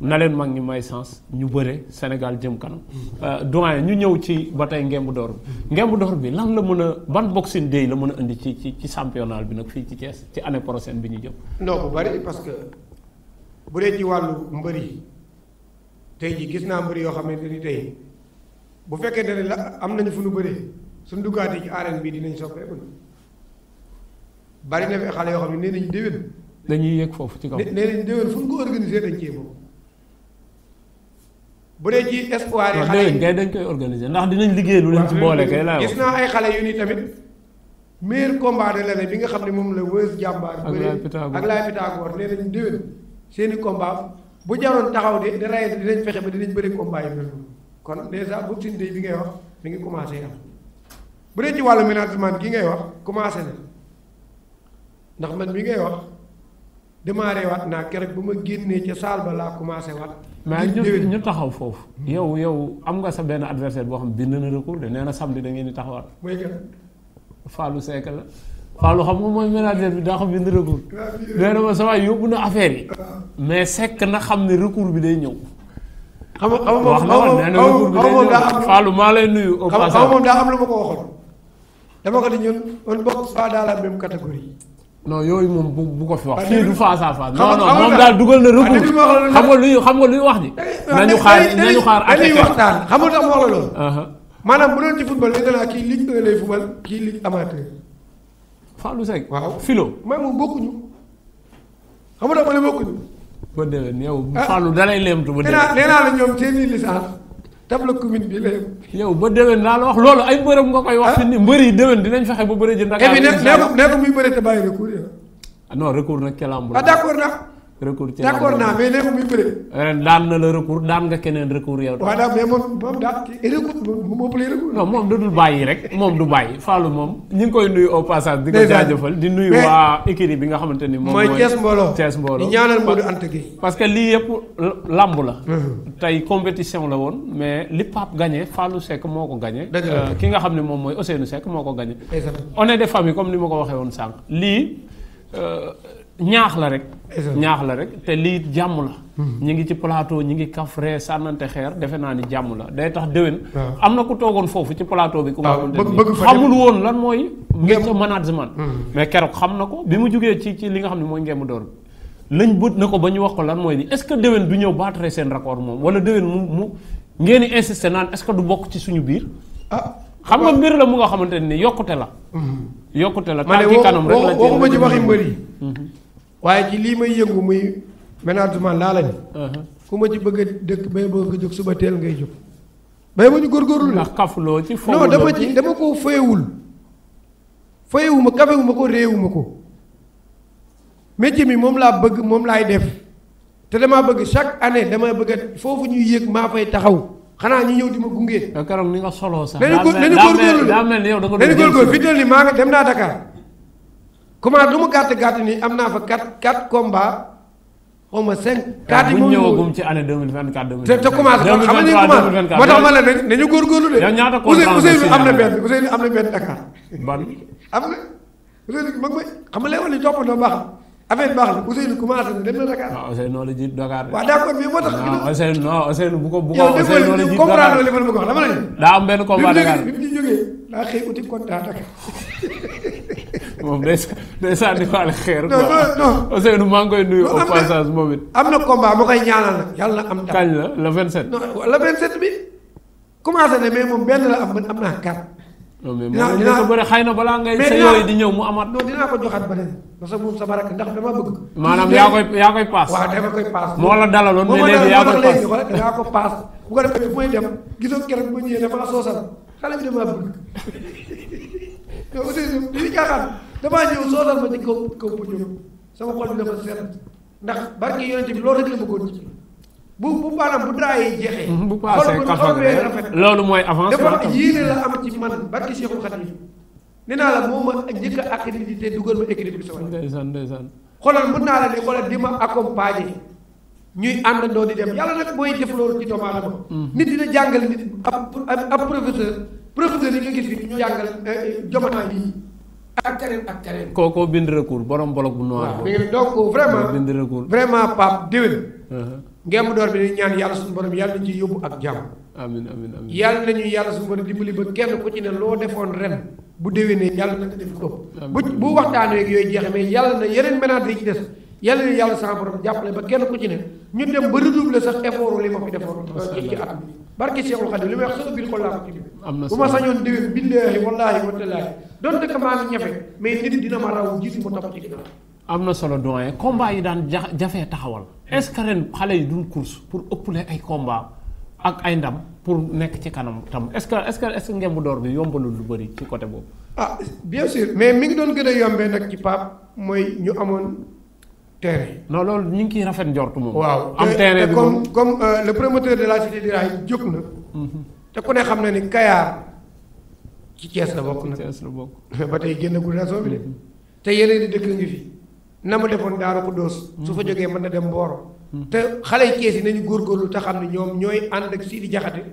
na leen mag ñi may sens ñu bëre Sénégal jëm kanam. Euh, doyen ñu ñëw ci ba tey ngembu door bi. ngembu door bi lan la mën a ban boxin day la mën a indi ci ci ci championnat bi nag fii ci Thiès ci année prochaine bi ñu jëm. non bu bëri parce que bu dee ci wàllu mbër yi tey jii gis naa mbër yoo xam ne ni tey bu fekkente ne la am nañu fu ñu bëree suñu duggaatee ci arène bi dinañ soppeeku bari na fi xale yoo xam ne nee nañu déwén. dañuy yëg foofu ci kaw nee nañu déwén fu ñu bu dee ci espoir yi xale yi dañ koy organiser ndax dinañ liggéey lu leen ci boole kay laa gis naa ay xale yu ni tamit meilleur combat de l'année bi nga xam ne moom la wës jàmbaar ak laay Pythagore nee nañ déwén seen i combat bu jaroon taxaw de dara dinañ fexe ba dinañ bëri combat yi mel kon dèjà boxing day bi ngay wax mi ngi commencé am bu ci wàllu management gi ngay wax commencé na ndax man bi ngay wax démarré waat naa keroog ba ma génnee ca saal ba laa commencé waat. maa ñu taxaw foofu. Hmm. yow yow am nga sa benn adversaire boo xam bind na recours de nee na samedi da ngeen di taxawaat. mooy que. Fallou Seck la. Fallou xam nga mooy manager bi daa xam bind recours. nee na ma ah. mais Seck na xam ne recours bi day ñëw. xam nga xam moom daa am lu ma ko waxoon. dama ko di ñun on bokk pas dans la même non yooyu moom bu bu ko fi du face à face. moom daal dugal na recours xam nga luy xam nga luy wax ji. Eh, nañu xaar nañu xaar dañuy waxtaan xam nga tax ma wax la loolu. Uh-huh. maanaam bu doon ci football léegi naa kii ligue 1 lay football kii ligue amateur. Fallou Seck. waaw filo man moom bokkuñu. xam nga tax ma ne bokkuñu. ba déwén yow ah. Fallou dalay lemtu ba déwén. nee naa la tableau commune bi la yow ba déwén naa la wax loolu ay mbërëm nga koy wax. ah ni mbër yi déwén dinañ fexe ba bëri ji. Dakar bi nee ko muy bëre te bàyyi recours ah non recours nag kelam bu ah recours ci d'accord naa mais daan na la recours daan nga keneen recours yow. waaw daal mais moom moom daal recours recours. moom dudul bàyyi rek moom du bàyyi Fallou moom. ñu ngi koy nuyu au passage. di ko jaajëfal bi nga xamante ni moom mooy. Thiès Mbolo Thiès Mbolo. di ñaanal parce que lii yëpp lamb la. tey compétition la woon mais li Pape gagné Fallou Seck moo ko gagné. Euh, ki nga xam ne moom mooy nu Seck moo ko gagné. on est des familles comme ni ma ko waxee woon sànq lii. Euh, ñaax la rek. ñaax la rek te lii jàmm la. Hmm. ñi ngi ci plateau ñi ngi kaf ree sànnante xeer defe naa ni jàmm la day tax déwén. Ah. am na ku toogoon foofu ci plateau bi. waaw ah, bëgg xamul woon lan mooy. ngeen management. Hmm. mais keroog xam na ko bi mu jugee ci ci li nga xam ne mooy ngeen mu door lañ bët na ko ba ñu wax ko lan mooy li est-ce que déwén du ñëw baatare seen raccord moom wala déwén mu mu ngeen di insister naan est-ce que du bokk ci suñu biir. ah xam nga mbir la mu nga xamante ne yokkute la. Hmm. yokkute la tànki kanam rek la waxuma ci waxi mbër waaye ci lii may yëngu muy ménagement laa la uh-huh. ku ma ci bëgg a dëkk bay bëgg nga jóg suba teel ngay jóg bay ma ñu góorgóorlu ndax kafloo ci non dama ci dama ko fayewul fayewuma kafewuma ko réewuma ko métier mi moom laa bëgg moom laay def te damaa bëgg chaque année dama bëgg foofu ñuy yëg maa fay taxaw xanaa ñu ñëw di ma gunge. keroog ni nga solo sax. daa mel daa mel ni yow da fi mu maa nga dem naa dakaar comment lu mu gàtt gàtt nii am naa fa quatre quatre combats xaw ma cinq. quatre yi moom ci année deux mille vingt quatre te commencé ma de. yow ñaata contrat Ousseynou am na benn Ousseynou am na benn lay wax ni toppandoo baax baax la Ousseynou commencé na dem na Dakar. waaw ah, Ousseynou la Dakar de. waaw d'accord mais bu ko bu daa am benn combat daa xëy uti contrat Dakar moom day day sànni faale xeer. non non Ousseynou maa ngi koy nuyu au passage moom it. am na combat mu koy ñaanal nag yàlla na am. dara kañ la le 27. non bi commencé na mais moom benn la am man am naa carte. dinaa dinaa mais xëy na balaa ngay. parce que moom sama rakk ndax dama bëgg. maanaam yaa koy yaa koy paas. waaw dama koy paas. moo la dalaloon mais léegi yaa koy paas moo ko paas. bu ko defee mooy dem gisoo keroog bu ñëwee dafa soosal xale bi dama bëgg. mais aussi damaa ñëw soo dal ma ci kaw kaw bu ñëw sama xol bi dafa seet ndax barke yonente bi loolu rek la bëggoon ci bu bu maanaam bu draay yi jeexee. Mm-hmm. bu paasee xarfal rafet loolu mooy avancé dafa yéene la am ci man barke Cheikhul Khadim nee naa la moo ma njëkk a accrédité dugal ma équilibre sama. ndeysaan ndeysaan. xoolal mën naa la ne xoolal di ma accompagner ñuy àndandoo di dem yàlla nag mooy def loolu ci doomu mm-hmm. nit dina jàngal nit ab ab professeur professeur yi nga gis fi ñu jàngal eh, eh, jomanaa yi. ak keneen ak keneen. koo koo bind recours borom bolok bu noir. waaw donc vraiment bind recours. vraiment Pape déwén. Uh-huh. ngemb door bi di ñaan yàlla suñu borom yàlla nañu ci yóbbu ak jàmm. yàlla ci loo defoon ren. bu déwénee na nga def ko. bu bu waxtaan ak yooyu jeexee mais yàlla na yeneen ménages yi ci des. yàlla na yàlla sama borom jàppale ba kenn ku ci ne ñu dem ba redoubler sax effort li ma fi defoon. ci at sañoon déwén billaahi wallaahi wa donte que maa ngi ñafe mais nit dina ma raw jiitu ma topp ci am na solo doyen combat yi daan ja jafee taxawal. est-ce xale yi duñ course pour ëppale ay combat ak ay ndam pour nekk ci kanam tam est-ce que est-ce que est ngemb door bi yombalul lu bëri ci côté boobu. ah bien sûr mais mi ngi doon gën a yombee nag ci Pape mooy ñu amoon terrain. non loolu ñu ngi ciy rafet njortu moom. waaw am terrain bi comme comme euh, le promoteur de la cité mhm. te ku ne xam na ni Kayar. ci Cees na bokk nag Cees la bokk. ba tey génn guddi raison bi de te yeneen i dëkk ngi fi na mu defoon Daaru Xuddoos. su fa mhm. jógee mën na dem Mboro. Mhm. te xale yi Cees yi nañu góorgóorlu te xam ne ñoom ñooy ànd ak Sidi Jaxate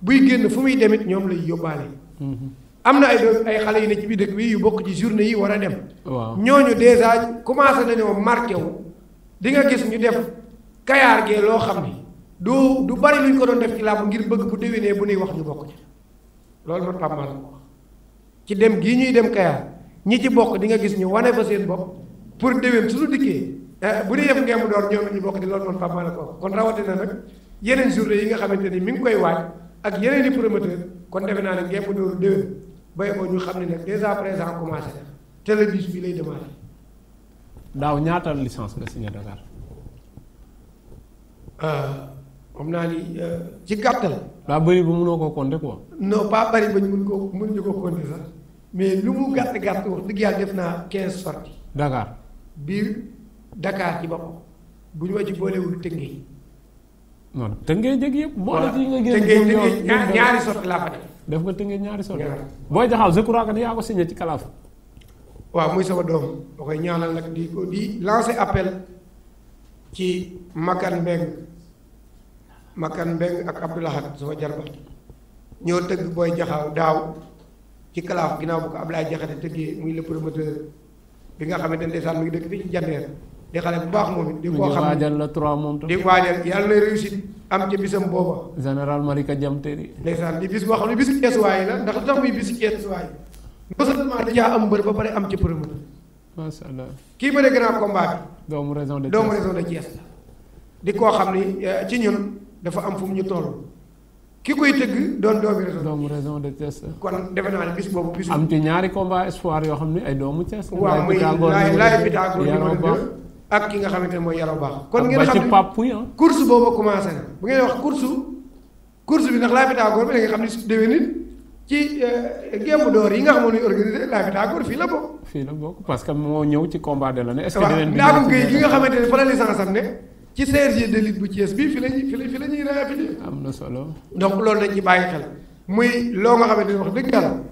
buy génn fu muy demit ñoom lay yóbbaale. Mhm. am na ay xale yu ne ci biir yu bokk ci journée yi war a dem. waaw ñooñu dèjà commencé nañoo marqué wu. di nga gis ñu def kayaar gee loo xam ni du du bari luñ ko doon def ci ngir bëgg bu déwénee bu nuy wax ñu bokk ci. loolu man Pape Maal ci dem gii ñuy dem Kayar ñi ci bokk di nga gis ñu wane fa seen bopp pour déwén suñu dikkee eh, bu ñu yëf ngeen mu ñoom ñu bokk di loolu man Pape Maal ko kon rawatina nag yeneen journée yi nga xamante ni mu ngi koy waaj ak yeneen i promoteur kon defe naa ne ngeen mu door déwén bay ko ñu xam ne nag dèjà présent commencé na télévision bi lay démarré. daaw ñaata licence nga signé Dakar. Euh, xam naa ni euh, ci gàttal. daa bëri ba mënoo koo compter quoi. non pas bëri ba ñu mën ko mënuñu ko compter sax mais lu mu gàtt gàtt wax dëgg def naa quinze sorties. Dakar. biir Dakar ci boppam bu ñu ma ci boolewul Tëngéej. non Tëngéej jëg yëpp. boole ci nga génn Tëngéej ñaari sorties laa fa def. def nga Tëngéej ñaari sorties. boo jaxaw je crois que yaa ko signé ci kalaaf. waaw muy sama doom da koy ñaanal nag di ko di lancer appel ci Makan Mbengue. Makan Mbeng ak Abdou Lahad sama jarbaat ñoo tëgg booy jaxaaw daaw ci kalaaf ginnaaw bu ko Ablaye Jaxate tëggee muy le promoteur bi nga xamante ne ndeysaan mi ngi dëkk fii ci jandeer di xale bu baax moom it di ko xam moom tam di waajal yàlla na réussite am ci bisam booba général Malika Jamtéri di bis boo xam ne bisu ceesuwaay la ndax tax muy bisu ceesuwaay non am mbër ba pare am ci promoteur macha allah kii bëre grand doomu raison de Thiès doomu raison di koo xam ni eh, ci ñun dafa am fu mu ñu toll ki koy tëgg doon doomi raison. doomu raison de Thiès. kon defe naa ne bis boobu bisu. am ci ñaari combat espoir yoo xam ne ay doomu Thiès. waaw muy laay ak ki nga xamante ne mooy yaroo baax. kon ngeen ah. commencé bu ngeen wax course course bi ndax laay Pythagore da nga xam ne su déwénit ci euh, gémb door yi nga xam ne organisé laay Pythagore fii la bokk. fii la bokk parce que moo ñëw ci combat de l'année. est-ce que dinañ. bi nga xamante ne fa la licence am ne. ci CRG de lutte bu Thiès bi fi la ñuy fi la fi la am na solo. donc loolu lañ ci bàyyi xel muy loo ma xamante ne wax dëgg yàlla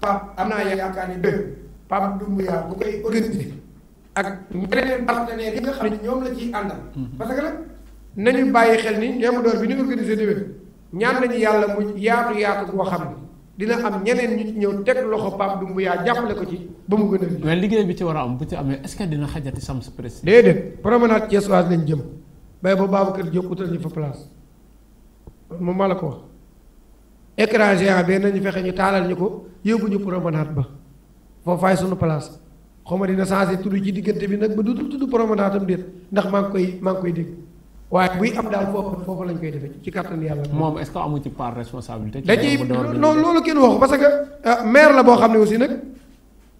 Pape am naa yaakaar ni dëgg Pape Doumbouya bu koy organiser ak ñeneen partenaires yi nga xam ne ñoom la ciy àndal. Mhm. parce que nag nañu bàyyi xel ni ñoom door bi ñu organiser déwén ñaan nañu yàlla mu yaatu yaatu boo xam ne. dina am ñeneen ñu ñëw teg loxo Pape yaa jàppale ko ci ba mu gën a. mais liggéey bi ci war a am bu ci amee est-ce que dina xajati Sams Presse. déedéet promenade Thiès waat lañ jëm bay ba Babacar Diop utal ñu fa place mu maa la ko wax. écran géant bee nañu fexe ñu taalal ñu ko yóbbuñu promenade ba foofaay sunu place xaw ma dina changé tudd ci diggante bi nag ba du tudd promenade am ndax maa ngi koy maa ngi koy dégg. waaye buy am daal foofu foofu lañ koy defee ci kàttan yàlla. moom est-ce que amu ci part responsabilité. da ciy non loolu kenn waxu parce que euh, maire la boo xam ne aussi nag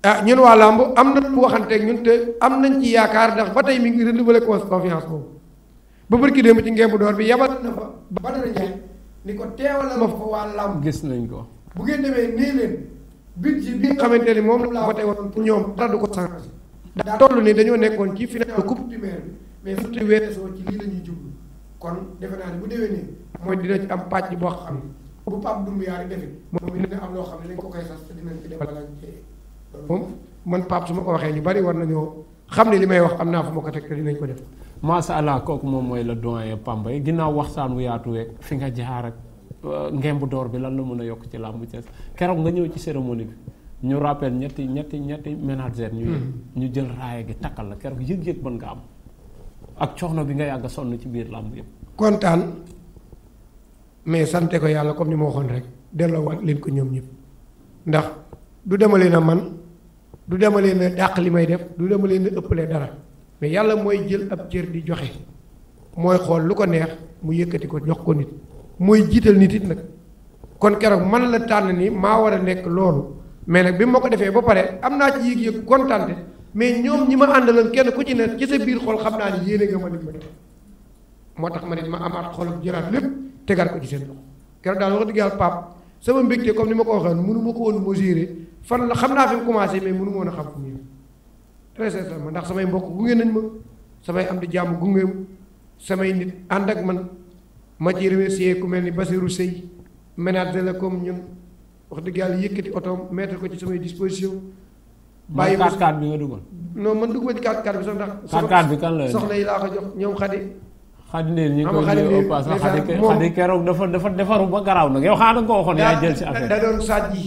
ah ñun waa làmb am na lu waxanteeg ñun te am nañ ci yaakaar ndax ba tey mi ngi renouveler confiance boobu ba barki démb ci ngemb door bi yabal na fa ba dara jaay ni ko teewal ma fa waa làmb. gis nañ ko. bu ngeen demee nii leen budget bi nga xamante ni moom laa fa teewoon pour ñoom dara du ko changé. daa toll ni dañoo nekkoon ci final coupe du mais suñu weesoo ci lii la jublu kon defe naa ne bu déwénee mooy dina ci am pàcc boo xam bu Pape am loo xam ne dañ ko koy sas moom man Pape su ma ko waxee ñu bari war nañoo xam ne li may wax am naa fu ma ko teg te dinañ ko def. macha allah kooku moom mooy la doyen Pambay ginnaaw waxtaan wu yaatu weeg fi nga jaar ak euh, ngemb door bi lan la mën a yokk ci làmbu Thiès keroog nga ñëw ci cérémonie bi. ñu rappel ñetti ñetti ñetti ménagères ñu hmm. ñu jël raaya gi takkal la keroog yëg-yëg mën nga am ak coono bi nga yàgg sonn ci biir làmb yëpp. kontaan mais sante ko yàlla comme ni ma waxoon rek delloowaat leen ko ñoom ñëpp ndax du dema leen a man du dema leen a dàq li may def du dema leen a ëppale dara mais yàlla mooy jël ab cër di joxe mooy xool lu ko neex mu yëkkati ko jox ko nit mooy jiital nit it nag kon keroog man la tànn ni maa war a nekk loolu mais nag bi ma ko defee ba pare am naa ci yëg-yëg kontaante mais ñoom ñi ma àndaloon kenn ku ci ne ci sa biir xol xam naa ni yéene nga ma li ma def moo tax ma nit ma amaat xol jëlaat lépp tegaat ko ci seen loxo keroog daal wax dëgg yàlla Pape sama mbégte comme ni ma ko waxee woon mënu ma ko woon mesurer fan la xam naa fi mu commencé mais mënu ma woon a xam fu mu très sincèrement ndax samay mbokk gunge nañ ma samay am di jàmm gunge samay nit ànd ak man ma ci remercier ku mel ni Basirou Seye ménager la comme ñun wax dëgg yàlla yëkkati otoom mettre ko ci samay disposition bàyyi ma 4 bi nga dugal. non man dugguma ci 4-4 bi sax ndax. 4-4 bi la soxna yi laa ko jox ñoom xadi. xadi leen ñu ko ñëw au passé xadi keroog dafa dafa defaru ba garaaw nag yow xaaral nga ko waxoon yaa jël si affaire da doon saaj yi.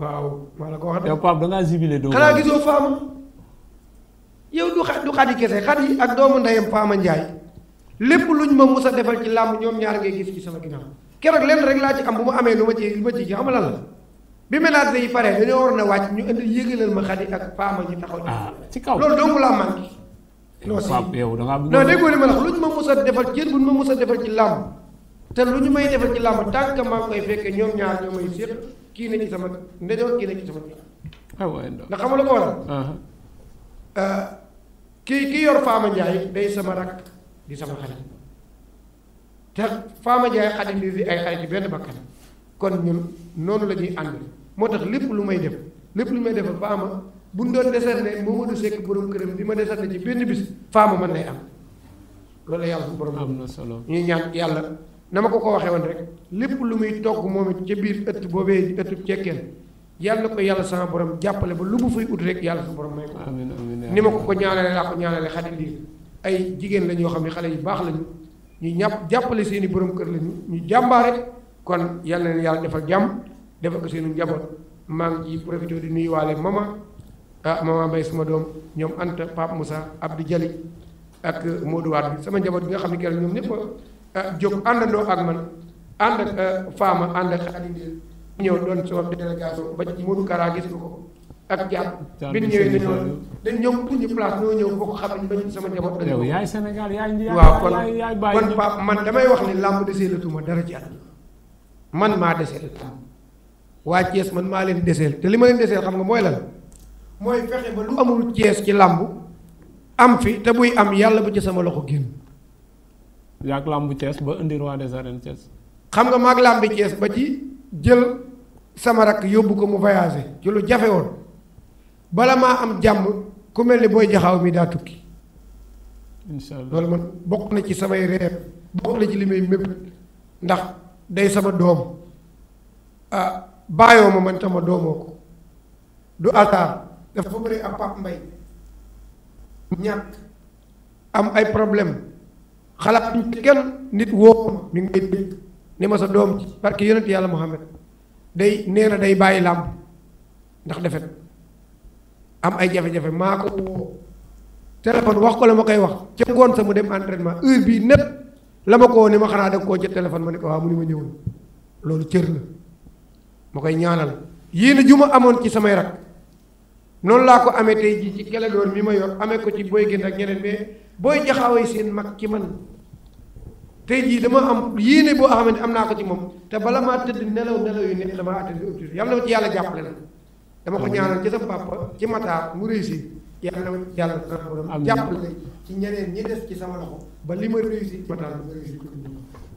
waaw maa ko wax. yow Pape da ngaa zibilé doo xanaa gisoo Fama. yow du xa du xadi kese xadi ak doomu ndeyam Fama njaay lépp lu ñu ma mus a defal ci làmb ñoom ñaar ngay gis ci sama ginnaaw keroog lenn rek laa ci am bu ma amee lu ma ci lu ma ci xam la la bi ménage yi pare dañoo war na wàcc ñu indi yégalal ma xadi ak faama ñu taxaw. ah ci kaw loolu donc laa manqué. non si yow da ngaa bëgg non déggoo ma la wax defal cër bu defal ci làmb te lu ñu may defal ci làmb tant que maa ngi koy fekkee ñoom ñaar ñoo may kii na ci sama ndeyoo kii na ci sama ah waaye ndax xam nga lu ko waral. Ah. Euh, kii yor Faama Ndiaye day sama rak di sama xarit te Faama Ndiaye xarit di ay xarit ci benn bakkan kon ñun noonu la ñuy ànd moo tax lépp lu may def lépp lu may defal faama buñ doon décerné Momadou Seck borom këram bi ma décerné ci benn bis faama mën nay am loolu yàlla su borom am na solo ñuy ñaan yàlla na ma ko ko waxee woon rek lépp lu muy togg moom it ca biir ëtt boobee ëttu cekkeen yàlla ko yàlla sama borom jàppale ba lu mu fay ut rek yàlla su borom may ko ni ma ko ko ñaanale laa ko ñaanale xarit yi ay jigéen la ñoo xam ne xale yu baax lañu ñu ñàpp jàppale seen i borom kër lañu ñu jàmbaare kon yàlla na yàlla defal jàmm defal ko seenu njaboot maa ngi ci profité di nuyuwaale mama ah mama Mbaye suma doom ñoom Anta Pape Moussa Abdou Jali ak Modou Wade sama njaboot bi nga xam ne keroog ñoom ñëpp a ah, jóg ak man ànd ak ah, Fama ànd ak Xaadim ñëw doon sama délégation ba ci Modou Kara gis nga ko ak jàpp bi ñu ñëwee dañoo dañ ñëw pour ñu place ñoo ñëw bokk xam ne bañ sama njaboot dañoo. yow yaay Sénégal yaay yaay waaw kon kon man damay wax ni làmb desee latuma dara ci man maa deseel waa cees man maa leen deseel te li ma leen deseel xam nga mooy lan mooy fexe ba lu amul Thiès ci làmb am fi te buy am yàlla bu ci sama loxo génn. yaa ngi làmb Thiès ba indi roi des arènes Thiès. xam nga maag làmbi Thiès ba ci jël sama rakk yóbbu ko mu voyagé ci lu jafe woon bala maa am jàmm ku mel ni booy jaxaaw mii daa tukki. incha allah loolu man bokk na ci samay reer bokk na ci li may mépp ndax. day sama doom ah bàyyoo ma man tama doomoo ko du hasard dafa bëri am Pape mbay ñàkk am ay problème xalaat ci kenn nit woo ma mi ngi dégg ni ma sa doom ci parce yonent yàlla Muhammad day nee na day bàyyi làmb ndax defet am ay jafe-jafe maa ko woo téléphone wax ko la ma koy wax ca ngoon sama mu dem entraînement heure bii népp la ma ko woo ne ma xanaa da koo jot téléphone ma ne ko waaw mu ni ma ñëwoon loolu cër la ma koy ñaanal yéen ju ma amoon ci samay rak noonu laa ko amee tey jii ci keledoor mi ma yor amee ko ci booy gën ak ñeneen mais booy jaxawee seen mag ci man tey jii dama am yéene boo xam ne am naa ko ci moom te bala maa nelaw nelaw yu nekk damaa ci yàlla jàppale la dama ko ñaanal ci sa papa mu réussir yàlla na ma ci ci ñeneen ñi des ci sama loxo ba li ma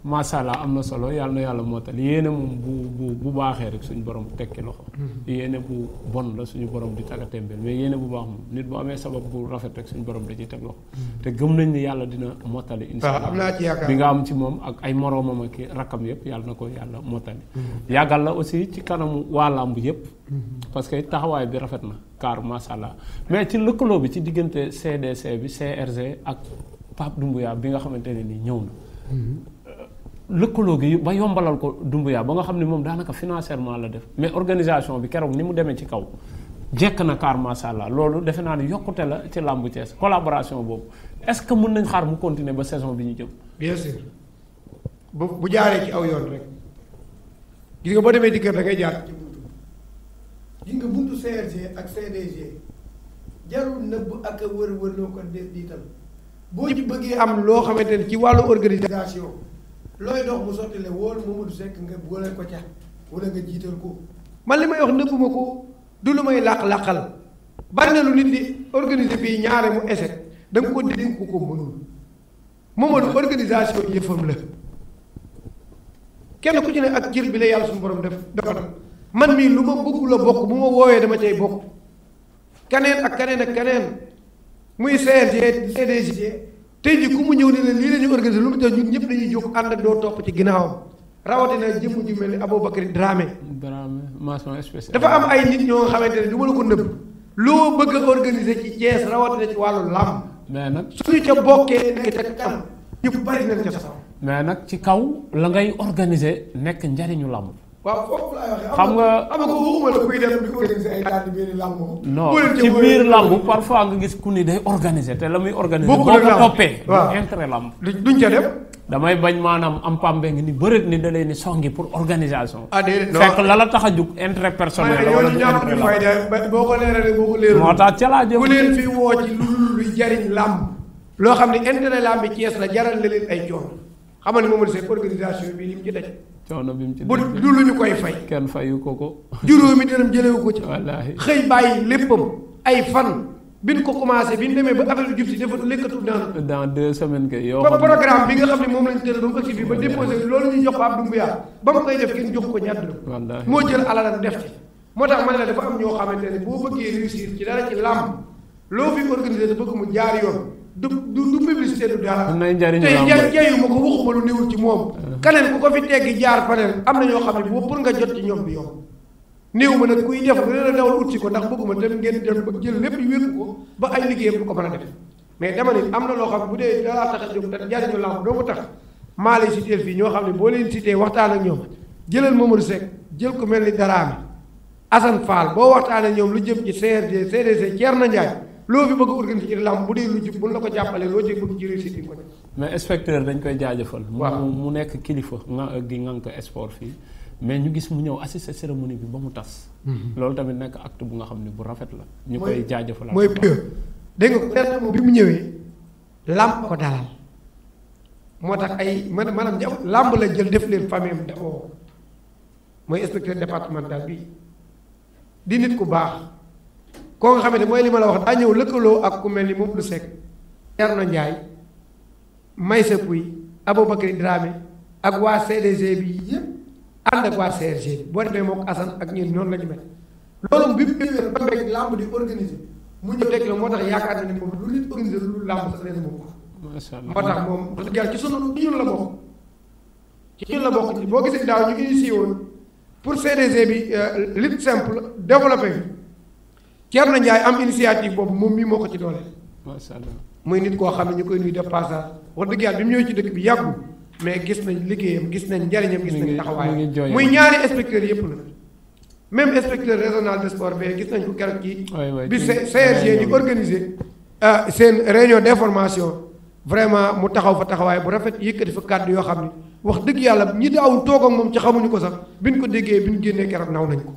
macha allah am na solo yàlla na yàlla mootal yéene moom bu bu bu baaxee rek suñu borom tekki loxo. Mm-hmm. yéene bu bon la suñu borom di tàggatémbeel mais yéene bu baax moom nit bu amee sabab bu rafet rek suñu borom da ciy teg loxo. Mm-hmm. te gëm nañ ni yàlla dina mottali. Ah, incha allah am naa bi nga am ci moom ak ay moroomam ak rakkam yëpp yàlla na ko yàlla mottali. Mm-hmm. yàggal la aussi ci kanamu waa làmb yëpp. parce que taxawaay bi rafet na car macha allah mais ci lëkkaloo bi ci diggante CDC ak. Pape Doumbouya bi nga xamante ne nii ñëw na. Mm-hmm. lëkkaloo gi ba yombalal ko Doumbouya ba nga xam ne moom daanaka financièrement la def mais organisation bi keroog ni mu demee ci kaw. jekk na kaar macha loolu defe naa ni yokkute la ci làmbu Thiès collaboration boobu est-ce que mën nañ xaar mu continuer ba saison bi ñu jëm. bien sûr bu bu jaaree ci aw yoon rek gis nga boo demee di kër da ngay jaar. gis nga buntu CRG ak CDG jarul nëbb ak wër-wër loo ko def boo ci bëggee am loo xamante ne ci wàllu organisation looy dox bu sotti la wóolu Mamadou Seck nga boole ko ca wala nga jiital ko man li may wax nëbbuma ko du lu may làq-làqal bari na lu nit di organiser fii ñaare mu échec da nga ko dénk ko ko mënul Mamadou organisation yëfam la kenn ku ci ne ak cër bi la yàlla suñu borom def defal man mii lu ma bëgg la bokk bu ma woowee dama cay bokk kaneen ak kaneen ak kaneen muy CNG CDG tey ji ku mu ñëw ne ne lii la ñu organisé lu mu tax ñun ñëpp dañuy jóg ànd ak doo topp ci ginnaawam rawatina jëmm ju mel ni Aboubacry Dramé. Dramé mention spéciale. dafa am ay nit ñoo xamante ne du ma la ko nëbb loo bëgg a organiser ci Thiès rawatina ci wàllu làmb. mais nag suñu ca bokkee nekk ca kanam ñu bari nañ ca sax. mais nag ci kaw la ngay organiser nekk njariñu làmb. waaw foofu laay waxee xam nga am na ko waxuma la kuy def di ko organiser ay tànn biir làmb. non ci biir làmb parfois nga gis ku ni day organiser te la muy organiser. boo ko toppee damay bañ maanaam am pambe ngi ni bëreet ni da leen ni pour organisation. ah la la tax a jug intérêt personnel la wala du intérêt làmb boo ko leeralee moo tax ca laa jëm ku woo ci lu luy jariñ làmb. loo xam ne intérêt làmb bi Cees la jaral na leen ay coono xamal ni moom la seen organisation bi ni mu ci daj. coono bi mu ci bu du lu ñu koy fay. kenn fayu ko ko. juróomi dërëm jëlewu ko ci. wallaahi xëy bàyyi léppam ay fan. bi ñu ko commencé bi ñu demee ba affaire bi jub si dafa lëkkatu dans. dans deux semaines kay yoo xam programme bi nga xam ne moom lañ tëral ba mu ëcc bi ba déposé loolu ñu jox ko ab dumbu yaa ba mu koy def kenn jox ko ñatt la. wallaahi moo jël alalam def ci. moo tax ma ne la dafa am ñoo xamante ne boo bëggee réussir ci dara ci làmb loo fi organisé bëgg ko jaar yoon du du du publicité du dara. am na njëriñ ko waxuma lu néewul ci moom. Ah. keneen ku ko fi teggi jaar faneen am na ñoo xam ne boobu pour nga jot ci ñoom bi yow. néew ma nag kuy def lu la dawal ut si ko ndax bëgguma dem ngeen dem ba jël lépp wékk ko ba ay liggéeyam du ko mën a def mais dama ne am na loo xam ne bu dee dalaa tax a jóg te jariñu doo ko tax maa lay cité fii ñoo xam ne boo leen cité waxtaan ak ñoom jëlal Mamadou Seck jël ko mel ni Daraame Assane Fall boo waxtaan ak ñoom lu jëm ci CRD CDC Thierno loo fi bëgg a organiser ci làmb bu dee lu jub bu la ko jàppalee loo ci bëgg ci réussite ko mais inspecteur dañ koy jaajafal waaw mu nekk kilifa nga gi ngànk sport fii. mais ñu gis mu ñëw assister cérémonie bi ba mu tas. Mhm. loolu tamit nekk acte bu nga xam ne bu rafet la. ñu koy jaajëfal mooy pieux. dégg ko ko bi mu ñëwee. làmb ko dalal. moo tax ay man maanaam ñëw làmb la jël def leen famille am dafoo mooy inspecteur départemental bi di nit ku baax. koo nga xamante mooy lima ma la wax daa ñëw lëkkaloo ak ku mel ni Mamadou Seck Thierno Ndiaye Maysa Pouy Aboubacry Dramé ak waa CDG bi yëpp ànd ak waa CRG boo demee mook Assane ak ñun noonu la ñu mel loolu bi mu ñëwee ba mbéy làmb di organiser mu ñëw teg moo tax yaakaar na ni moom lu nit organiser lu làmb sax leen moom macha moo tax moom wax dëgg yàlla ci sunu ci ñun la bokk ci ñun la bokk boo gisee daaw ñu initié woon pour CDG bi euh, lutte simple développé bi Thierno Ndiaye am initiative boobu moom mii moo ko ci doole. macha allah muy nit koo xam ne ñu koy nuy def passage wax dëgg yàlla bi mu ñëwee ci dëkk bi yàggul mais gis nañ liggéeyam gis nañ njariñam gis nañ taxawaayam muy ñaari inspecteurs yëpp la même inspecteur régional de sport bi gis nañ ko keroog ci bi CRG di organiser euh, seen réunion d' information vraiment mu taxaw fa taxawaay bu rafet yëkkati fa kàddu yoo xam ne wax dëgg yàlla ñi daawul toog ak moom ci xamuñu ko sax biñ ko déggee biñ génnee keroog naw nañ ko.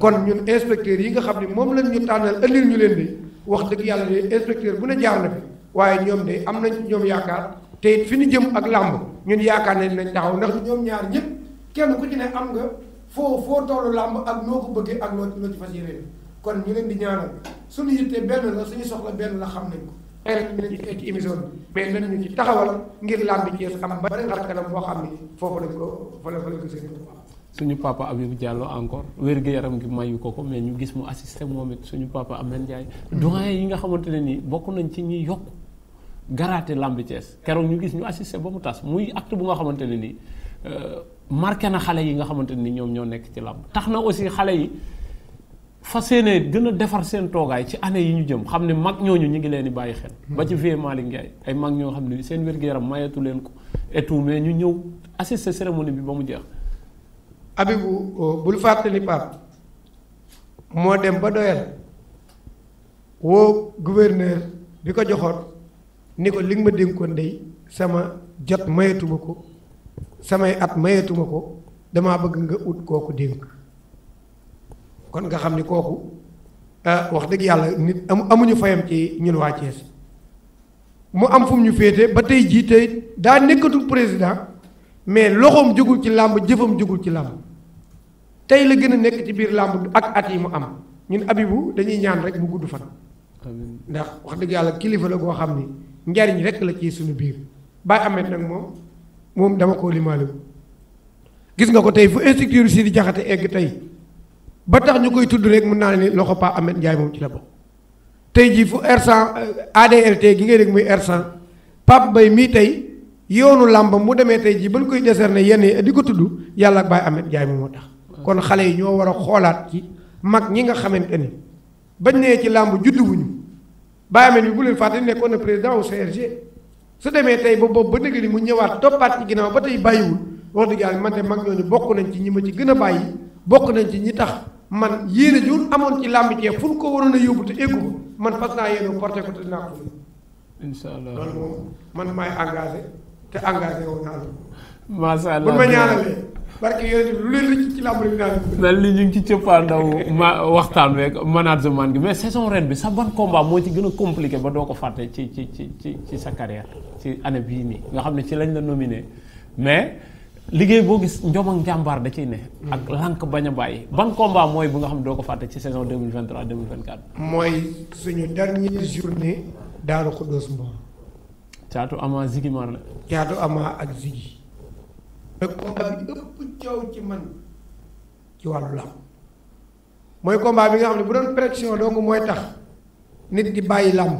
kon ñun inspecteurs yi nga xam ne moom lañ ñu tànnal ëllëg ñu leen di wax dëgg yàlla de inspecteur bu ne jaar na waaye ñoom de am nañ ñoom yaakaar te it fi ñu jëm ak làmb ñun yaakaar nañ nañ taxaw ndax ñoom ñaar ñëpp kenn ku ci ne am nga foo foo tollu làmb ak noo ko bëggee ak noo ci fas yéene kon ñu leen di ñaanal suñu yitte benn la suñu soxla benn la xam nañ ko xëy na dinañ ci egg ci émission bi mais nañ ñu ci taxawal ngir làmbi Thiès am encore wér-gu-yaram gi mayu ko ko mais ñu gis mu assisté moom it suñu papa Amène Ndiaye doyen yi nga xamante ne nii bokk nañ ci ñi yokk garaate làmbi Thiès keroog ñu gis ñu assisté ba mu tas muy acte bu nga xamante ne nii euh, marqué na xale yi nga xamante ni ñoom ñoo nekk ci làmb tax na aussi xale yi fas yéene gën a defar seen toogaay ci année yi ñu jëm xam ne mag ñooñu ñu ngi leen di bàyyi xel. ba ci vieux Malick Ndiaye ay mag ñoo xam ne seen wér-gu-yaram mayeetu leen ko et mais ñu ñëw assister cérémonie bi ba mu jeex. Habibou euh, bul fàtte ni moo dem ba doyal woo gouverneur bi ko joxoon ni ko li nga ma dénkoon dey sama jot mayeetuma ko samay at mayeetuma ko damaa bëgg nga ut kooku dénk. kon nga xam ni kooku ah, wax dëgg yàlla nit amuñu fayam ci ñun waa Thiès mu am fu mu ñu féete ba tey jii tey daa nekkatul président mais loxoom jógul ci làmb jëfam jógul ci làmb tey la gën a nekk ci biir làmb ak at yi mu am ñun Abibu dañuy ñaan rek mu gudd fan. ndax wax dëgg yàlla kilifa la goo xam ni njariñ rek la ci suñu biir Baye Ahmed nag moom moom dama ko limaale gis nga ko tey fu instructeur si di jaxate egg tey. ba tax ñu koy tudd rek mun naa ne loxo Pa Ahmed Ndiaye moom ci la bokk tey jii fu R100 euh, ADLT gi ngay dégg muy R100 Pape Mbaye mii tey yoonu làmb mu demee tey jii ba ñu koy décerner yenn di ko tudd yàlla ak Baye Ahmed Ndiaye moom moo tax. kon xale yi ñoo war a xoolaat ci mag ñi nga xamante ni bañ nee ci làmb juddu wuñu Baye Ahmed bi bu leen fàtte nekkoon na président wu CRG su demee tey ba boobu ba léegi mu ñëwaat toppaat ci ginnaw ba tey bàyyiwul dëgg yàlla man de mag ñooñu bokk nañ ci ñi ma ci gën a bàyyi. bokk nañ ci ñi tax man yéene juun amoon ci làmb jee fu ñu ko waroon a yóbbu te eggu man fas naa yéene porté ko te dinaa ko incha allah loolu man maay engagé te engagé woon naa la. macha allah bu ma ñaanalee. barke ci làmb rek naa li ñu ngi ci cëppaandaw ma waxtaan weeg saison ren bi sa ban combat moo ci gën a compliqué ba doo ko fàtte ci ci ci ci sa carrière ci année bii nii nga xam ne ci lañ la nominé mais. liggéey boo gis njom jàmbaar da ciy ne. ak lànk bañ a bàyyi ban combat mooy bu nga xam ne doo ko fàtte ci saison 2023 2024. mooy suñu dernier journée. Daaru Xuddoos Mbour. caatu ama Ziggy Marley. ko ama ak Ziggy. mais combat bi ëpp coow ci man wàllu làmb mooy combat bi nga xam ne bu doon pression donc mooy tax nit di bàyyi làmb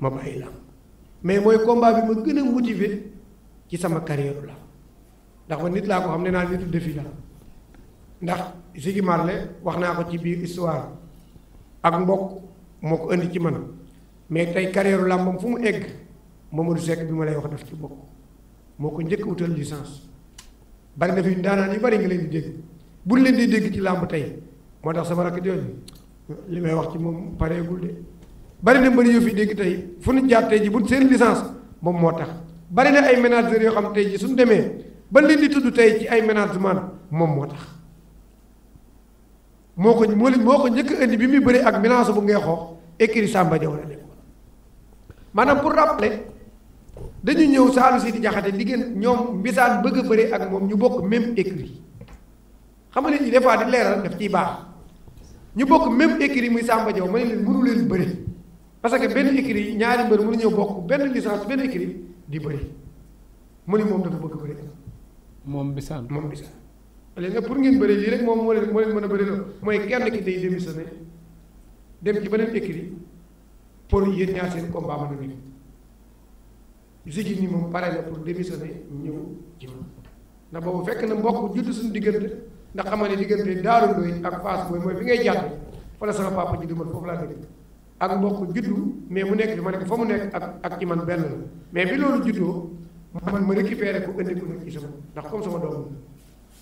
ma bàyyi làmb mais mooy combat bi ma gën a motivé ci sama carrière làmb ndax man nit laa ko xam ne naa nitu défi la ndax Ziggy Marley wax naa ko ci biir histoire ak mbokk moo ko indi ci man mais tey carrière làmbam fu mu egg du Seck bi ma lay wax def ci bokk moo ko njëkk wutal licence bari na fi daanaan yu bari nga leen di dégg buñ leen di dégg ci làmb tey moo tax sama rakk jooju li may wax ci moom pareegul de bari na mbëri yu fi dégg tey fu nu jaar tey ji buñ seen licence moom moo tax bari na ay ménageurs yoo xam tey ji suñu demee ba leen di tudd tey ci ay management moom moo tax moo ko moo moo ko njëkk indi bi muy bëri ak menace bu ngay xoox écrit Samba Diaw la nekkoon maanaam pour rappeler dañu ñëw Saalum si di jaxate diggéen ñoom mbisaan bëgg a bëri ak moom ñu bokk même écrit xam nga nit ñi des fois di leeral daf ciy baax ñu bokk même écrit muy Samba Diaw ma ne leen mënu leen bëri parce que benn écrit ñaari mbër mënu ñëw bokk benn licence benn écrit di bëri mu ne moom dafa bëgg bëri moom bisaan moom bisaan léegi nag pour ngeen bëree lii rek moom moo leen moo mën a bëri loolu mooy kenn ki day démissionné dem ci beneen écrit pour yéen ñaar seen combat mën a nekk Yékini ni pare na pour démissionné ñëw ci moom ndax boobu fekk na mbokk judd suñu diggante ndax xam ne diggante Daaru Ndoy ak Fass Boy mooy fi ngay jàpp fa la sama papa juddu man foofu laa dëkk ak mbokk juddu mais mu nekk fi ma nekk fa mu nekk ak ak ci man benn la mais bi loolu juddoo man ma récupéré ko indi ko nag isam ndax comme sama doom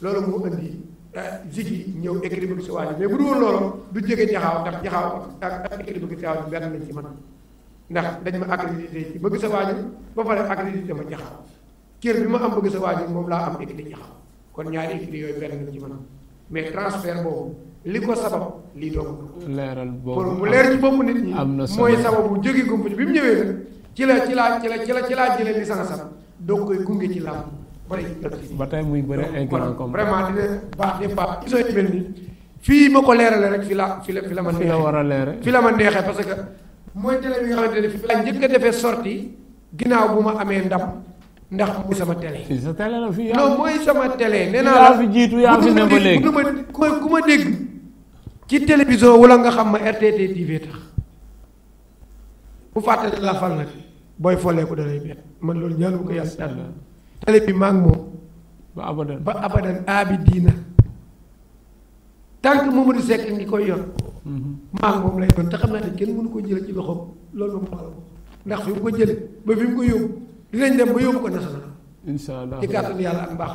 loolu moo indi zigi eh, ñëw écrit bëgg si waaji mais bu dul woon loolu du jóge jaxaaw ndax jaxaaw ak écrit bëgg si waaji benn lañ ci man ndax dañ ma accrédité ci bëgg sa waaji ba pare accrédité ma jaxaaw cër bi ma am bëgg sa waaji moom laa am écrit jaxaaw kon ñaari écrit yooyu benn lañ ci man mais transfert boobu li ko sabab lii doom leeral boobu mu leer ci bopp nit ñi mooy sababu jóge gump bi mu ñëwee nag ci la ci laa ci la ci la ci laa jëlee licence am doo koy gunge ci làmb ba tey muy bëri ay grand combat vraiment dina baax fii ma ko leere rek fi la fi la fi la fi la war a leere fi la ma neexee parce que mooy télé bi nga xamante ne fi la njëkk a defee sortie ginnaaw bu ma amee ndam ndax mooy sama télé. fii sa télé fii non mooy sama télé. nee naa la fi jiitu yaa fi ne ma léegi ku ma dégg ci télévision wala nga xam ma RTT TV tax bu fàttali la fal nag booy folee ko dalay bett man loolu ñaanu ko yas yàlla tale bi maa ngi moom ba abadan ba abadan aabi diina tànk Mamadou Seck ngi koy yor mhm. maa ngi moom lay doon te xam naa ne kenn mënu koo jël ci loxoom loolu moom xala ndax fi mu ko jële ba fi mu ko yóbbu dinañ dem ba yóbbu ko national incha allah ci kàttan yàlla ak mbaax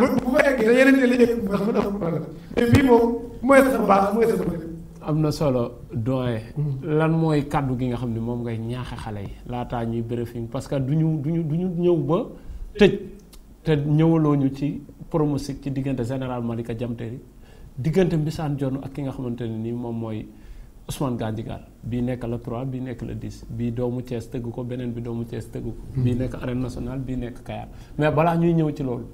man bu ma eggee yeneen te li yëpp ndax man a problème moom mooy sa mbaax mooy sa am na solo doyen. Mm-hmm. lan mooy kàddu gi nga xam ne moom ngay ñaaxe xale yi laataa ñuy briefing parce que du ñu du ñu du ñu ñëw ba tëj te ñëwaloo ñu ci pronostic ci diggante général Malika Diamtéry diggante Mbissane Dione ak ki nga xamante ne nii moom mooy Ousmane Gandigal bii nekk la 3 bii nekk la 10 bii doomu Thiès tëgg ko beneen bi doomu cees tëgg ko. Mm-hmm. bii nekk arène nationale bii nekk Kayar mais balaa ñuy ñëw ci loolu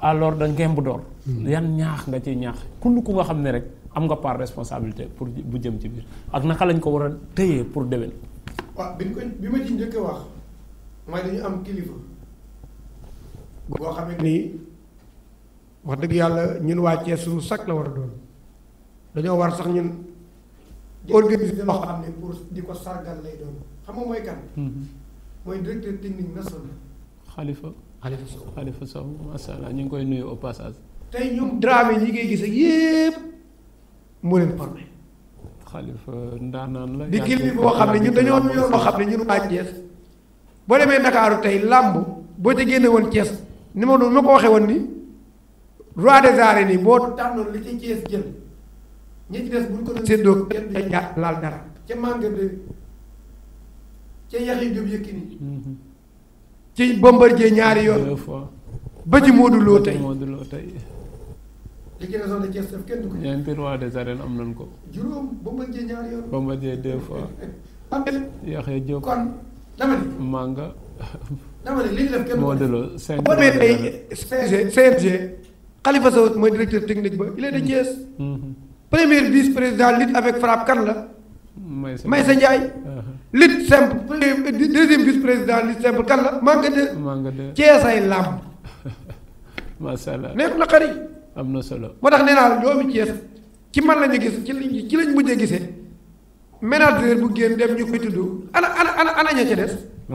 alors da ngemb door. Mm-hmm. yan ñaax nga ciy ñaax ku nga xam ne rek. am nga part responsabilité pour bu jëm ci biir ak naka lañ ko war a téyee pour déwén. waaw bi ñu ko bi ma ci njëkk a wax mooy dañu am kilifa. boo xam ni wax dëgg yàlla ñun waa Thiès suñu sac la war a doon dañoo war sax ñun. organiser loo xam ne pour di ko saggal lay doon xam nga mooy kan. Mhm. mooy directeur technique national. Khalifa Khalifa Sow Khalifa Sow macha allah ñu ngi koy nuyu au tey ñoom drame yi ngay gis yépp moo leen formé. di kilifa boo xam ne ñun dañoo yor loo xam ne ñun waa Thiès boo demee Ndakaaru tey làmb boo ca génne woon Thiès ni ma doon ma ko waxee woon ni roi des arènes nii boo tànnoon li ci Thiès jël ñi ci des buñ ko doon séddoo kenn day laal dara ca màngal de ca yax yi jub Yékini mhm. ñaari yoon ba ci Modou Lo tey liquidation de Thiès daf ñeenti roi des arènes am nañ ko. juróom Bombardier ñaari fois. Pampele. Yaxya Diop kon moo delloo cinq. boo nee tey CNG. Khalifa mooy directeur technique ba il est de Thiès. Mm-hmm. premier vice président lutte avec frappe kan la. Maysa Ndiaye uh-huh. lutte simple deuxième vice président lutte simple kan la Manga de. Manga ay làmb. macha na xarit. am na solo moo tax nee naa la Cees ci man lañu gis ci lañ ci lañ mujjee gisee manager bu génn dem ñu koy tudd ana ana ana ñoo ña ca des.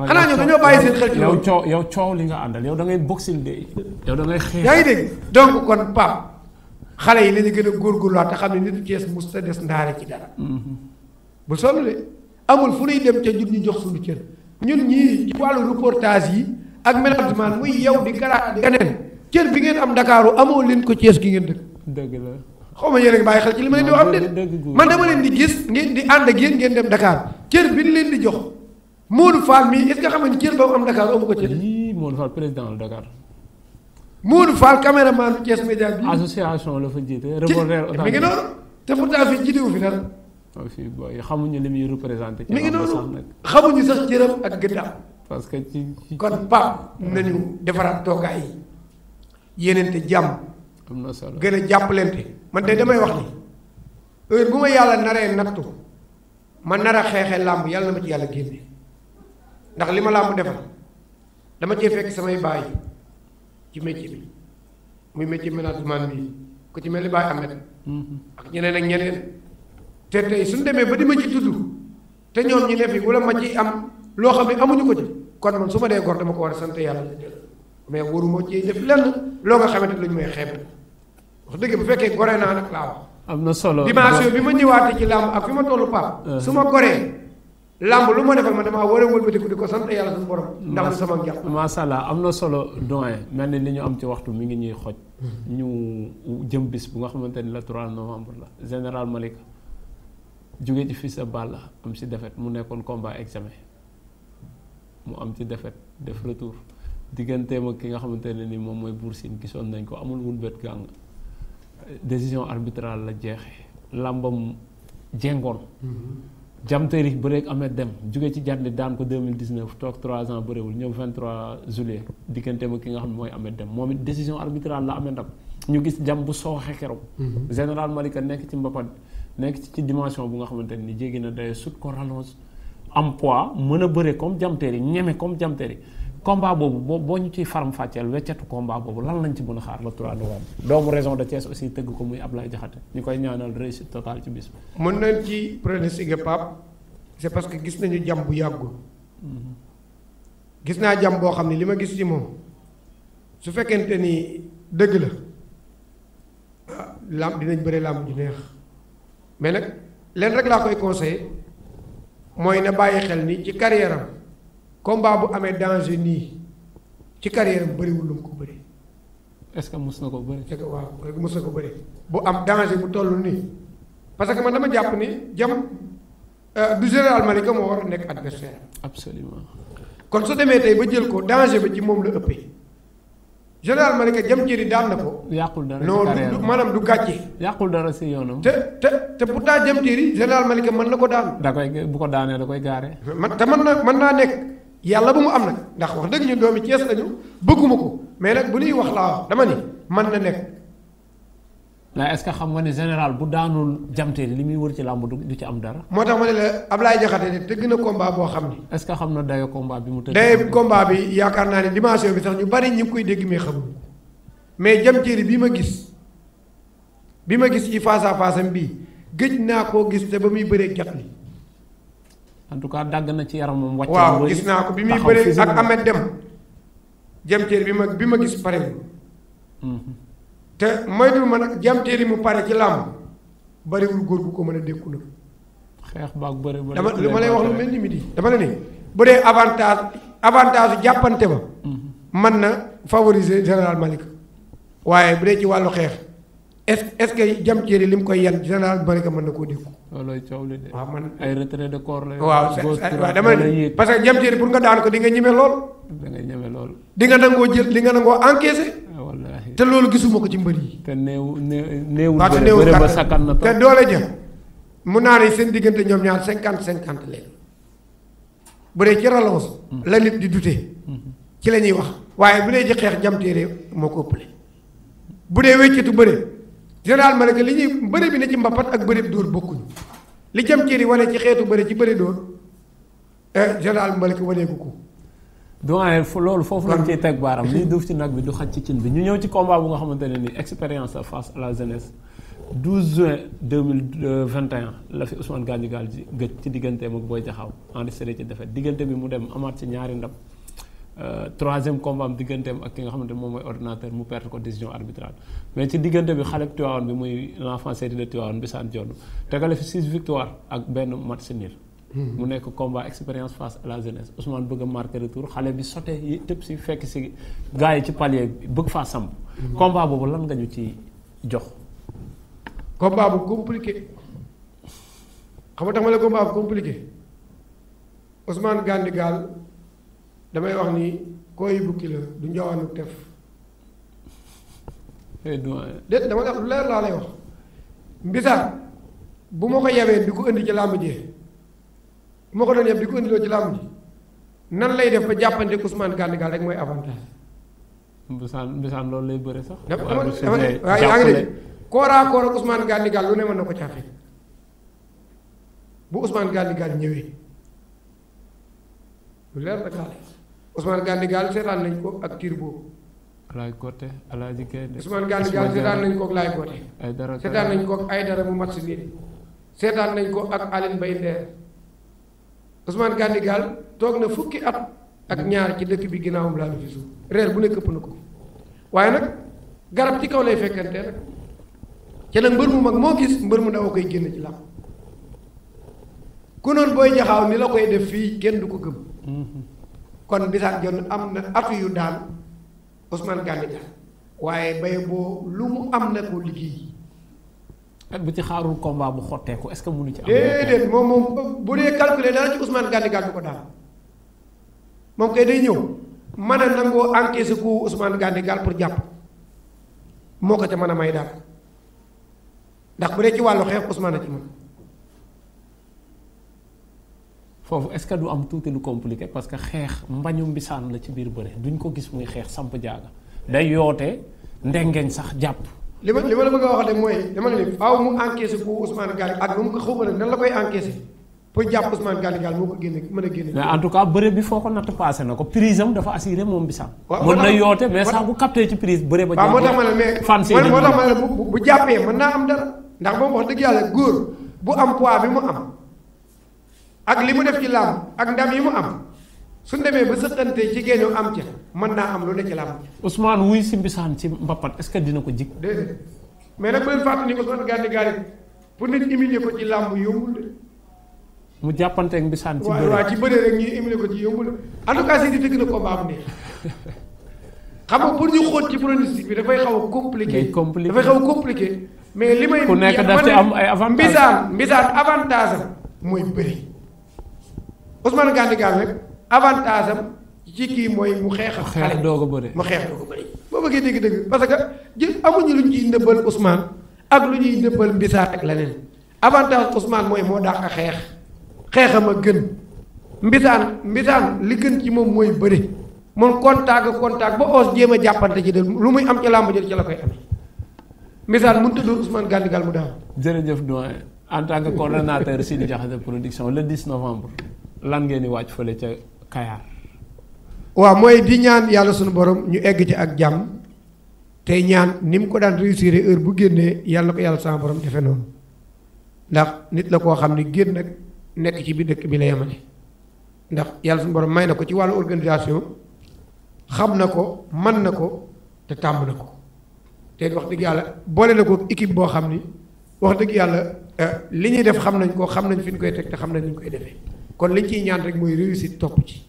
xanaa ñoom dañoo bàyyi seen xel ci loolu yow coow li nga àndal yow da ngay boxing de. yow da ngay xeex yaa ngi dégg donc kon Pape xale yi la ñu gën a góorgóorluwaat te xam ne nitu Cees mu sa des ndaare ci dara. Mm-hmm. bu sonn de amul fu ñuy dem ca ñun ñu jox suñu cër. ñun ñii ci wàllu reportage yi ak management muy yow bi garaat cër bi ngeen am Dakaaru amoo leen ko Cees gi ngeen dëkk. dëgg la xaw ma yéen a ngi bàyyi xel ci li ma leen di wax am de man dama leen di gis ngeen di ànd ak yéen ngeen dem Dakar cër bi ñu leen di jox Modou Fall mii est-ce que xam nga cër ba mu am Dakar amu ko cër. yii Modou Fall président la Dakar. Modou Fall caméraman Thiès Média bi. association la fa jiite. reporter mi ngi noonu te pourtant fi jiite wu fi dara. aussi oh, booy xamuñu li muy représenté. mi ngi noonu xamuñu sax cëram ak gëddaam. parce que ci kon Pape nañu defaraat toogaay yi. yéeneente jàmm. am na solo gën a jàppalante man tey damay wax ni bu ma yàlla naree nattu ma nar a xeexee làmb yàlla na ma ci yàlla génne ndax li ma làmb defal dama cee fekk samay baay ci métier bi muy métier management bi ku ci mel ni Baye Ahmed. Mm-hmm. ak ñeneen ak ñeneen. te tey suñu demee ba di ma ci tudd te ñoom ñu ne fi wala ma ci am loo xam ne amuñu ko ci kon man su ma dee góor dama ko war a sant yàlla. mais waruma cee def lenn loo nga xamante lu ñu may xeeb wax dëgg bu fekkee gore naa nag laa wax. am na solo dimension bi ma ñëwaatee ci làmb ak bi ma tollu Pape. Euh. su ma goree. làmb lu ma defal ma damaa war a wëlbatiku di ko sant yàlla suñu borom. ndax sama njàpp. macha allah am na solo doyen mel ni ñu am ci waxtu mi ngi ñuy xoj. Hmm. ñu jëm bis bu nga xamante ni le 3 novembre la général Malika jóge ci fils de Balla am si défaite mu nekkoon combat examen mu am ci défaite de retour. digganteem ak ki nga xamante ne ni moom mooy Bour Sine gisoon nañ ko amul wun bët gàng décision arbitrale la jeexee làmbam jengoon mhm. jam tarix bëreeg Ahmed Deme jóge ci jàndi daan ko 2019 toog 3 ans bëriwul ñëw 23 juillet digganteem ak ki nga xam mooy Ahmed Deme moom it décision arbitrale la amee ndam gis jam bu sooxe keroog mhm. général Malika nekk ci mbapat nekk ci ci dimension bu nga xamante ni jéggi na day sut ko rallonge am poids mën a bëre comme jamteeri ñeme comme jamteeri combat boobu boo boo ñu ciy faram fàcceel weccetu combat boobu lan lañ ci mën a xaar le 3 novembre doomu région de Thiès aussi tëgg ko muy Ablaye Diakhaté ñu koy ñaanal réussite totale ci bis mën nañ ci pronostiquer Pape c'est parce que gis nañu jàmm bu yàggul. gis naa jàmm boo xam ne li ma gis ci moom su fekkente ni dëgg la ah dinañ bëre làmb ju neex mais nag leen rek laa koy conseillé mooy na bàyyi xel ni ci carrière combat bu amee danger nii ci carrière bu bëriwul lu ko bëri. est-ce que mos na ko bëri. est-ce ko bëri bu am danger bu toll nii parce que man dama jàpp ni jam euh, du général Malika moo war a nekk adversaire. absolument kon su demee tey ba jël ko danger ba ci moom la ëppee. général Malika jëm jëri daan na ko. yàqul dara non du maanaam du gàcce. yàqul dara si yoonam. te te te pourtant jëm jëri général Malika mën na ko daal da koy bu ko daanee da koy gaaree. man te mën na mën naa nekk. yàlla bu mu am nag ndax wax dëgg ñu doomi Cees lañu bëgguma ko mais nag bu ñuy wax laa wax dama ni mën na nekk. la est-ce xam nga ne général bu daanul jamteeli li muy wër ci làmb du ci am dara. moo tax ma ne la Ablaye Jaxate de tëgg na combat boo xam ne est-ce que xam na dayo combat bi mu tëgg. dayo combat bi yaakaar naa ne dimension bi sax ñu bari ñu ngi koy dégg mais xamul mais jamteeli bi ma gis bi ma gis ci face à face am bii gëj naa koo gis te ba muy bëree cat li en tout cas dàgg na ci yaram moom. waaw gis naa ko bi muy bëri ak Ahmed Dem jamteer bi ma bi ma gis pare. Mhm. te moytul ma nag jamteer yi mu pare ci làmb bariwul góor bu ko mën a dékku nag. xeex ba bëri ba dama lu ma lay wax lu mel ni midi dama la ne bu dee avantage avantage jàppante ba. Mhm. mën na favoriser général Malick waaye bu dee ci wàllu xeex. est est-ce que jam ceeri li mu koy yan général Mbarika mën na koo dégg. Ah, waaw parce que jam ceeri pour nga daan ko di nga ñeme lool. da lool. di nga nangoo jël li nga nangoo encaissé. Ah, wallaahi te loolu gisuma ko ci mbër yi. te néew néew néewul ba sakkan na te doole ja mun naa ne seen diggante ñoom ñaar cinquante cinquante leen bu dee ci relance. Hmm. la nit di dute. Hmm. ci la ñuy wax waaye bu dee ci xeex jam moo ko ëppale. bu dee wéccatu bëre. général Malika li ñuy bëri bi ne ci mbapat ak bëri dóor bokkuñ li jëm ci di wane ci xeetu bëri ci bëri dóor eh, général Malika waneeku ko. doyen loolu foofu lañ cee teg baaram liy duuf ci nag bi du xaj ci cin bi ñu ñëw ci combat bu nga xamante ne nii expérience face à la jeunesse 12 juin mille 2021 la fi Ousmane Gandigal ji gëj ci digganteem ak Boy Jaxaw enregistré ci defee diggante bi mu dem amaat ci ñaari ndab Euh, troisième combat am digganteem ak ki nga xamante moom mooy ordinateur mu perte ko décision arbitrale mais ci diggante bi xale Tivaouane bi muy l'enfant série de Tivaouane tegale fi six victoire ak benn match nul. Hmm. mu nekk combat expérience face à la jeunesse Ousmane bëgg a marqué retour xale bi sote yi tëb si fekk si gars yi ci palier bëgg faa samp. Hmm. combat boobu lan nga ñu ci jox. combat bu compliqué xam nga tax ma la combat bu compliqué Ousmane Gandigal. damay wax ni kooyi bukki la du njawaanu tef eh, dama wax lu leer laa lay wax mbisaar bu ma ko yebee di ko indi ci làmb ji bu ma ko doon yeb ko indiloo nan lay def ba jàppante Ousmane Gandigal rek mooy avantage mbisaan loolu lay bëre sax waaw yaa ngi dégg kooraa koor ak Ousmane Gandigal lu ne mën na ko caafe bu Ousmane Gandigal ñëwee lu leer nag laa Ousmane Gandigal seetaan nañ ko ak Turbo. Laay Gote Alaaji Gaynde Ousmane Gandigal seetaan nañ ko ak Laay Gote. dara seetaan nañ ko ak ay dara mu mat si nit. seetaan nañ ko ak Aline Bay Ndeer Ousmane Gandigal toog na fukki at ak ñaar ci dëkk bi ginnaawam laa fi suuf reer bu nekk ëpp na ko waaye nag garab ci kaw lay fekkante nag ca mbër mu mag moo gis mbër mu ndaw a koy génn ci làmb ku noonu booy jaxaaw ni la koy def fii kenn du ko gëm. Mm-hmm. kon bisaan jon am na atu yu daan Ousmane Gane Dia waaye bay boo lu mu am na ko liggéey ak bu ci xaarul combat bu xotteeku est-ce que mënu ci am déedéet moom moom bu dee calculer dara ci Ousmane Gane Dia du ko daan moom kay day ñëw mën a nangoo encaissé ku Ousmane Gane Dia pour jàpp moo ko ca mën a may dara ndax bu dee ci wàllu xeex Ousmane a ci man foofu est-ce que du am tuuti lu compliqué parce que xeex mbañum bisaan la ci biir bëre duñ ko gis muy xeex samp jaaga day yoote ndengeñ sax jàpp. li ma li ma la bëgg a wax de mooy dama ne nii faaw mu encaissé ko Ousmane Gall a génne. mais en tout cas bëre bi foo ko natt passé na ko prise dafa assuré moom bisaan. waaw mën na yoote mais saa bu capté ci prise bëre ba. waaw moo tax ma ne mais fan si moo tax ma ne bu jàppee mën naa am dara ndax moom wax dëgg yàlla góor bu am poids bi mu am ak li mu def ci làmb ak ndam yi mu am su demee ba sëqante ci génn am ci mën naa am lu ne ci làmb. Ousmane wuy si mbisaan si mbappat est que dina ko jig. mais nag bu leen fàttali ni Ousmane Gana Gari pour nit humilier ko ci làmb yombul mu jàppanteeg rek ñuy humilier ko ci yombul en tout cas si xam nga pour ñu xóot ci pronostic bi dafay xaw a compliqué. dafay xaw a compliqué mais li may. ku nekk daf ci ay avantages mbisaan mbisaan avantage mooy bëri. Ousmane Gandigal nag avantage am ci kii mooy mu xeex ak xale doog a bëri mu xeex doog a bëri boo parce que ji amuñu lu ñuy nëbbal Ousmane ak lu ñuy nëbbal mbisaat ak leneen avantage Ousmane mooy moo dàq xeex xeexam a gën mbisaan mbisaan li gën ci moom mooy bëri moom contact ak contact ba os a jàppante ci de lu muy am ci làmb jël ci la koy amee mbisaan mënut a dóor Ousmane jërëjëf doyen en tant que coordonnateur production le dis novembre. lan ngeen di waaj fële ca Kayar. waaw mooy di ñaan yàlla suñu borom ñu egg ci ak jàmm tey ñaan ni mu ko daan réussir heure bu génnee yàlla ko yàlla sama borom defe noonu ndax nit la koo xam ne génn nag nekk ci biir dëkk bi la yemale ndax yàlla sunu borom may na ko ci wàllu organisation xam na ko man na ko te tàmm na ko te wax dëgg yàlla boole na ko équipe boo xam ni wax dëgg yàlla. Euh, li ñuy def xam nañ koo xam nañ fi ñu koy teg te xam nañ ni koy defee kon liñ ciy ñaan rek mooy réussite topp ci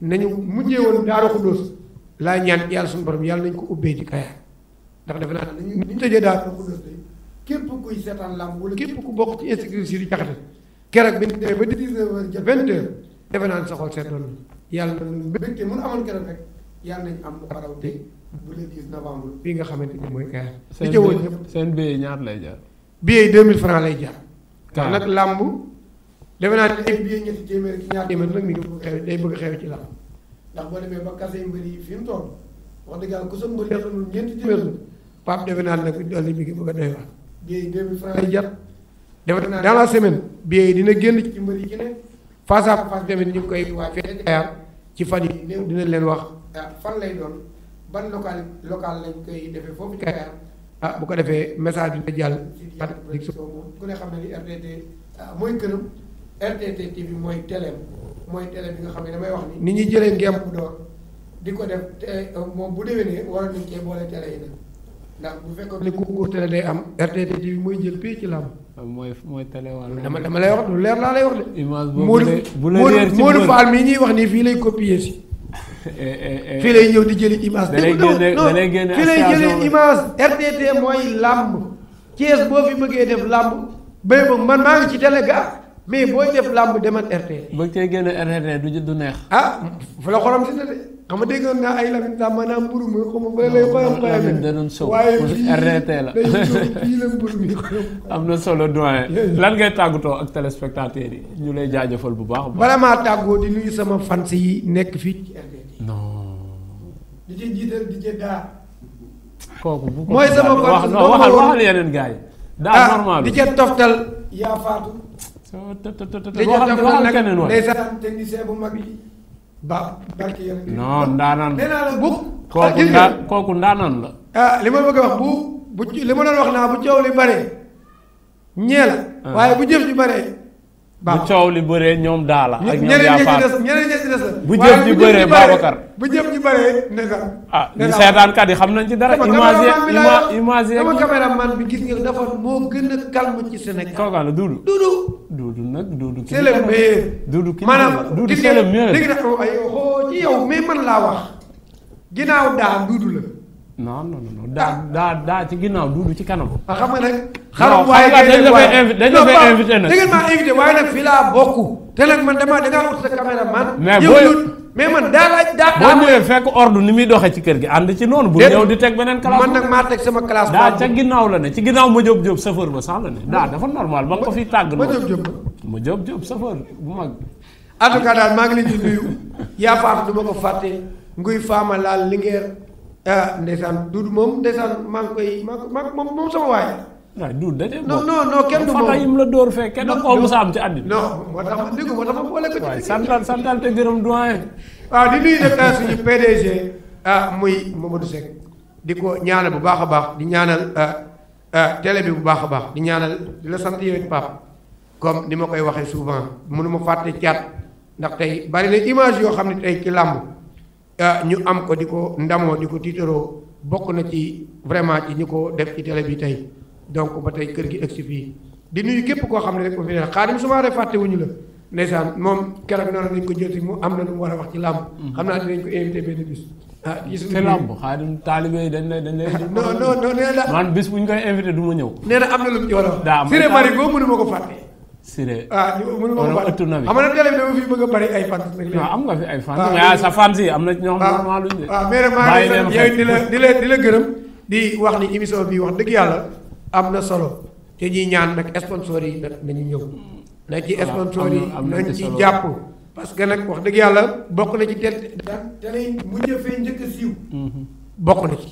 nañu mujje woon Daaru Xuddoos laa ñaan yàlla suñu borom yàlla nañ ko ubbee ci Kayaar ndax defe naa ni ñu tëjee Daaru Xuddoos tey képp kuy seetaan wala képp ku bokk ci institut si di jaxate keroog bi ñu demee ba dix-neuf heures defe naa ne sa xol seetoon na yàlla nañ mbégte mun amoon nañ am bu raw te bu le fii nga xamante ni mooy Kayaar. di ca seen bay ñaar lay jaar. billet yi 2000 francs lay jar. waaw nag làmb defe naa ne ay billet ñetti téeméer ci ñaar téeméer nag mi ngi bëgg xew ci làmb ndax boo demee ba kase yu bëri fi mu toll wax dëgg yàlla ku sa mbër defal ñeenti téeméer defe naa ne nag dolli mi ngi bëgg a doy waar. billet yi 2000 francs lay jar. defe naa la semaine billet yi dina génn ci mbër yi ci ne face à face tamit ñu koy waa fee Kayar ci fan yi néew dina leen wax. Ah, fan lay doon ban local local lañ koy defee foofu Kayar. ah bu ko defee message bi nga jàll. di si ku ne xam ne ni RTT ah, mooy këram RTT TV mooy teleem mooy télé bi nga xam ne damay wax ni. ni ñuy jëlee ngemb door di ko def te euh, moom bu déwénee waroon nañ cee boole télé yi nag ndax bu fekkoon ku concours télé day am RTT TV mooy jël pay ci làmb. Ah, mooy mooy télé wàll. dama dama lay wax lu leer laa lay wax de. image boobu bu la leer ci Modou Fall mii ñuy wax nii fii lay copier si. Eh, eh, eh, fii lay ñëw di jëli image. dégg nga non fii lay jëli image. RTT mooy làmb. Thiès boo fi bëggee def làmb béy ba man maa ngi ci délégat mais booy def làmb demal RTT. ba cee génne RTT du du neex. ah fu la xorom si ne de xam nga déggoon naa ay Lamine Samba naan mburu mi xaw ma ba lay xoyam xoyam waaye RTT la fii la am na solo doyen lan ngay tàggatoo ak téléspectateurs yi ñu lay jaajëfal bu baax. bala maa tàggoo di nuyu sama fans yi nekk fii non. di ci jiital di ci daa. bi. ba barke yéen. non la bu kooku ah, ndaa kooku ndaanaan la. Ah, li ma bëgg a wax bu bu li ma doon wax naa bu coow li bare ñee ah. waaye bu jëf ji bare. bu coow li bëree ñoom daala ak ñoom bu jëf ji bëree Babacar bu jëf ji bëree ndeysaan ah ñu seetaankat xam nañ ci dara image image sama caméraman bi gis nga dafa moo gën a calme ci Sénégal kooka la Doudou Doudou Doudou nag Doudou c'est le meilleur Doudou ki maanaam c'est le meilleur léegi nag oh, ay xoo oh, ci man laa wax ginnaaw daa la non non non daa daa daa ci ginnaaw duudu ci kanam. Ah, xam nga nag. xarum waaye dañ la fay invité dañ la fay invité nag. da ngeen maa mais man daa laaj daa. ni muy doxee ci kër gi ànd ci noonu. bu ñëw di teg beneen classe man nag maa teg sama classe. daa ca ginnaaw la ne ci ginnaaw ma jóob jóob chauffeur ba sax dafa normal ba ko fiy tàgg. ma jóob jóob ma jóob jóob chauffeur bu mag. en tout daal maa ngi leen di nuyu yaa faatu du ma ko fàtte nguy faama laal lingeer ah ndeysaan Doudou moom ndeysaan maa ngi koy maa ngi moom moom sama waay waaw ah, Doudou da non non non kenn du moom Fata yim la dóor fee kenn ko mu saam ci àddina. non moo tax ma dégg moo tax ma boole ko. waay santal santal te gërëm doyen. waaw ah, di nuyu nag ah, suñu PDG. ah muy Mamadou Seck. di ko ñaanal bu baax a baax di ñaanal télé bi bu baax a baax di ñaanal di la sant yow Pape. comme ni ma koy waxee souvent mënuma fàtte caat ndax tey bari na image yoo xam ne tey ci làmb. Euh, ñu am ko di ko ndamoo di ko tiitaroo bokk na ci vraiment ci ñu ko def ci télé bi tey donc ba tey kër gi egsi fii di nuyu képp koo xam ne rek ko fi ne xaadim su ma rek fàtte wuñu la ndeysaan moom keroog noonu nañ ko jëlti mu am na lu mu war a wax ci làmb mm. xam naa dinañ ko invité benn bis ah gis te làmb xaadim taalibe dañ lay dañ lay non non nee na bis bu ñu koy invité du ma ñëw nee na am na lu mu ci war a wax séré mari boo mënu ma ko fàtte Siré ah fi bëgg a bari ay fan. am nga fi ay fan. waaw ah, sa fan si am na ñoo xam ah, ne ah, luñ de. di la di la di la gërëm di wax ni émission bi wax dëgg yàlla am na solo te ñuy ñaan nag sponsor yi nag nañu ñëw. nañ ci sponsor yi nañ ci jàpp. parce que nag wax dëgg yàlla bokk na ci te te mujj a fee njëkk siiw. Mhm. bokk na ci.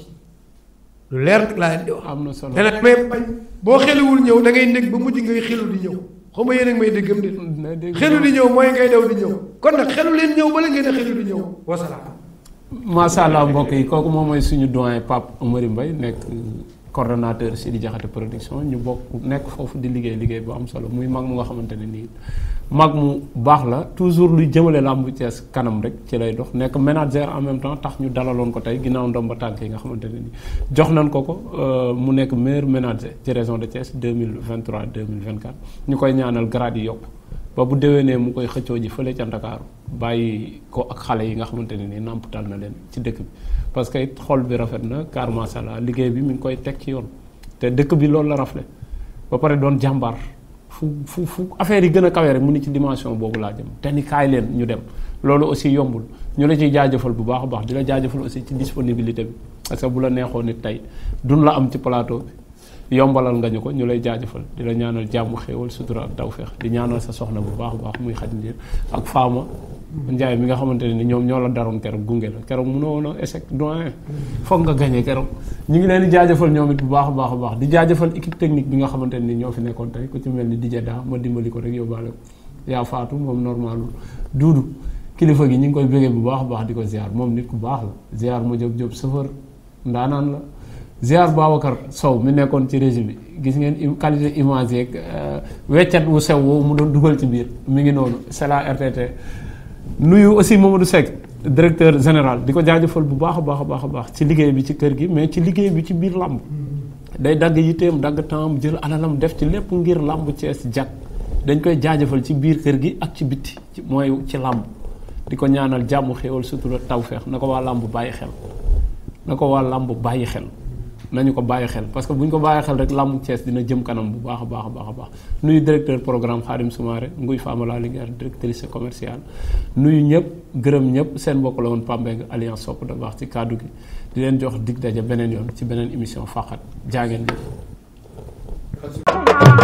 lu leer nag laa leen am na solo te nag mais boo xeliwul ñëw da ngay nekk ba mujj ngay xelu di ñëw. xaw ma yéen ak may déggam de xelu di ñëw mooy ngay daw di ñëw kon nag xelu leen ñëw bala ngeen a xelu di ñëw wasalaam. macha allah mbokk yi kooku moom mooy suñu doyen Pape Amary mbay nekk. coordonnateur Sidi Diakhaté production ñu bokk nekk foofu di liggéey liggéey bu am solo muy mag mu nga xamante ne nii mag mu baax la toujours luy jëmale am bu Cees kanam rek ci lay dox nekk manager en même temps tax ñu dalaloon ko tey ginnaaw ndomba tànk yi nga xamante nii jox nañ ko ko euh, mu nekk meilleur manager ci région de Thiès 2023 2024 ñu koy ñaanal grade yi yokk ba bu déwénee mu koy xëccoo ji fële ca Ndakaaru bàyyi ko ak xale yi nga xamante ne nii nàmputal na leen ci dëkk bi parce que it xol bi rafet na car allah liggéey bi mu ngi koy teg ci yoon te dëkk bi loolu la rafle ba pare doon jàmbaar fu fu fu affaire yi gën a kawee rek mu ni ci dimension boobu laa jëm te ni kaay leen ñu dem loolu aussi yombul ñu la ciy jaajëfal bu baax a baax di la jaajëfal aussi ci disponibilité bi parce que bu la neexoo nit tey duñ la am ci palaato bi yombalal nga ñu ko ñu lay jaajëfal di la ñaanal jàmm xéewal sutura ak tawféex di ñaanal sa soxna bu baax a baax muy xaj ndiir ak faama Ndiaye mi nga xamante ne ni ñoom ñoo la daroon keroog gunge la keroog mënoo woon a échec doyen foog nga gagné keroog ñu ngi leen di jaajëfal ñoom it bu baax a baax a baax di jaajëfal équipe technique bi nga xamante ni ñoo fi nekkoon tey ku ci mel ni Didier Da ma dimbali ko rek yóbbaale ko yaa moom normalul duudu kilifa gi ñu ngi koy bégee bu baax a baax di ko ziar moom nit ku baax la ziar ma job job sëfër ndaanaan la ziar Babacar Sow mi nekkoon ci régime bi gis ngeen qualité image yeeg euh, weccat wu sew woowu mu doon dugal ci biir mi ngi noonu c'est la nuyu aussi moom du Seck directeur général di ko jaajëfal bu baax a baax a baax a baax ci liggéey bi ci kër gi mais ci liggéey bi ci biir làmb day dagg yitteem dagg temps jël alalam def ci lépp ngir làmb Cees jag dañ koy jaajëfal ci biir kër gi ak ci bitti mooy ci làmb di ko ñaanal jàmm xéewal sutura tawfeex na ko waa làmb bàyyi xel na ko waa làmb bàyyi xel nañu ko bàyyi xel parce que bu ñu ko bàyyi xel rek làmbu Thiès dina jëm kanam bu baax baax a baax a baax nuyu directeur programme Khadim Soumaré nguy Fama la Linguère directrice commerciale nuyu ñëpp gërëm ñëpp seen mbokk la woon Pambeng alliance sopp da baax ci kaddu gi di leen jox dig daje beneen yoon ci beneen émission Faxat jaa ngeen jëf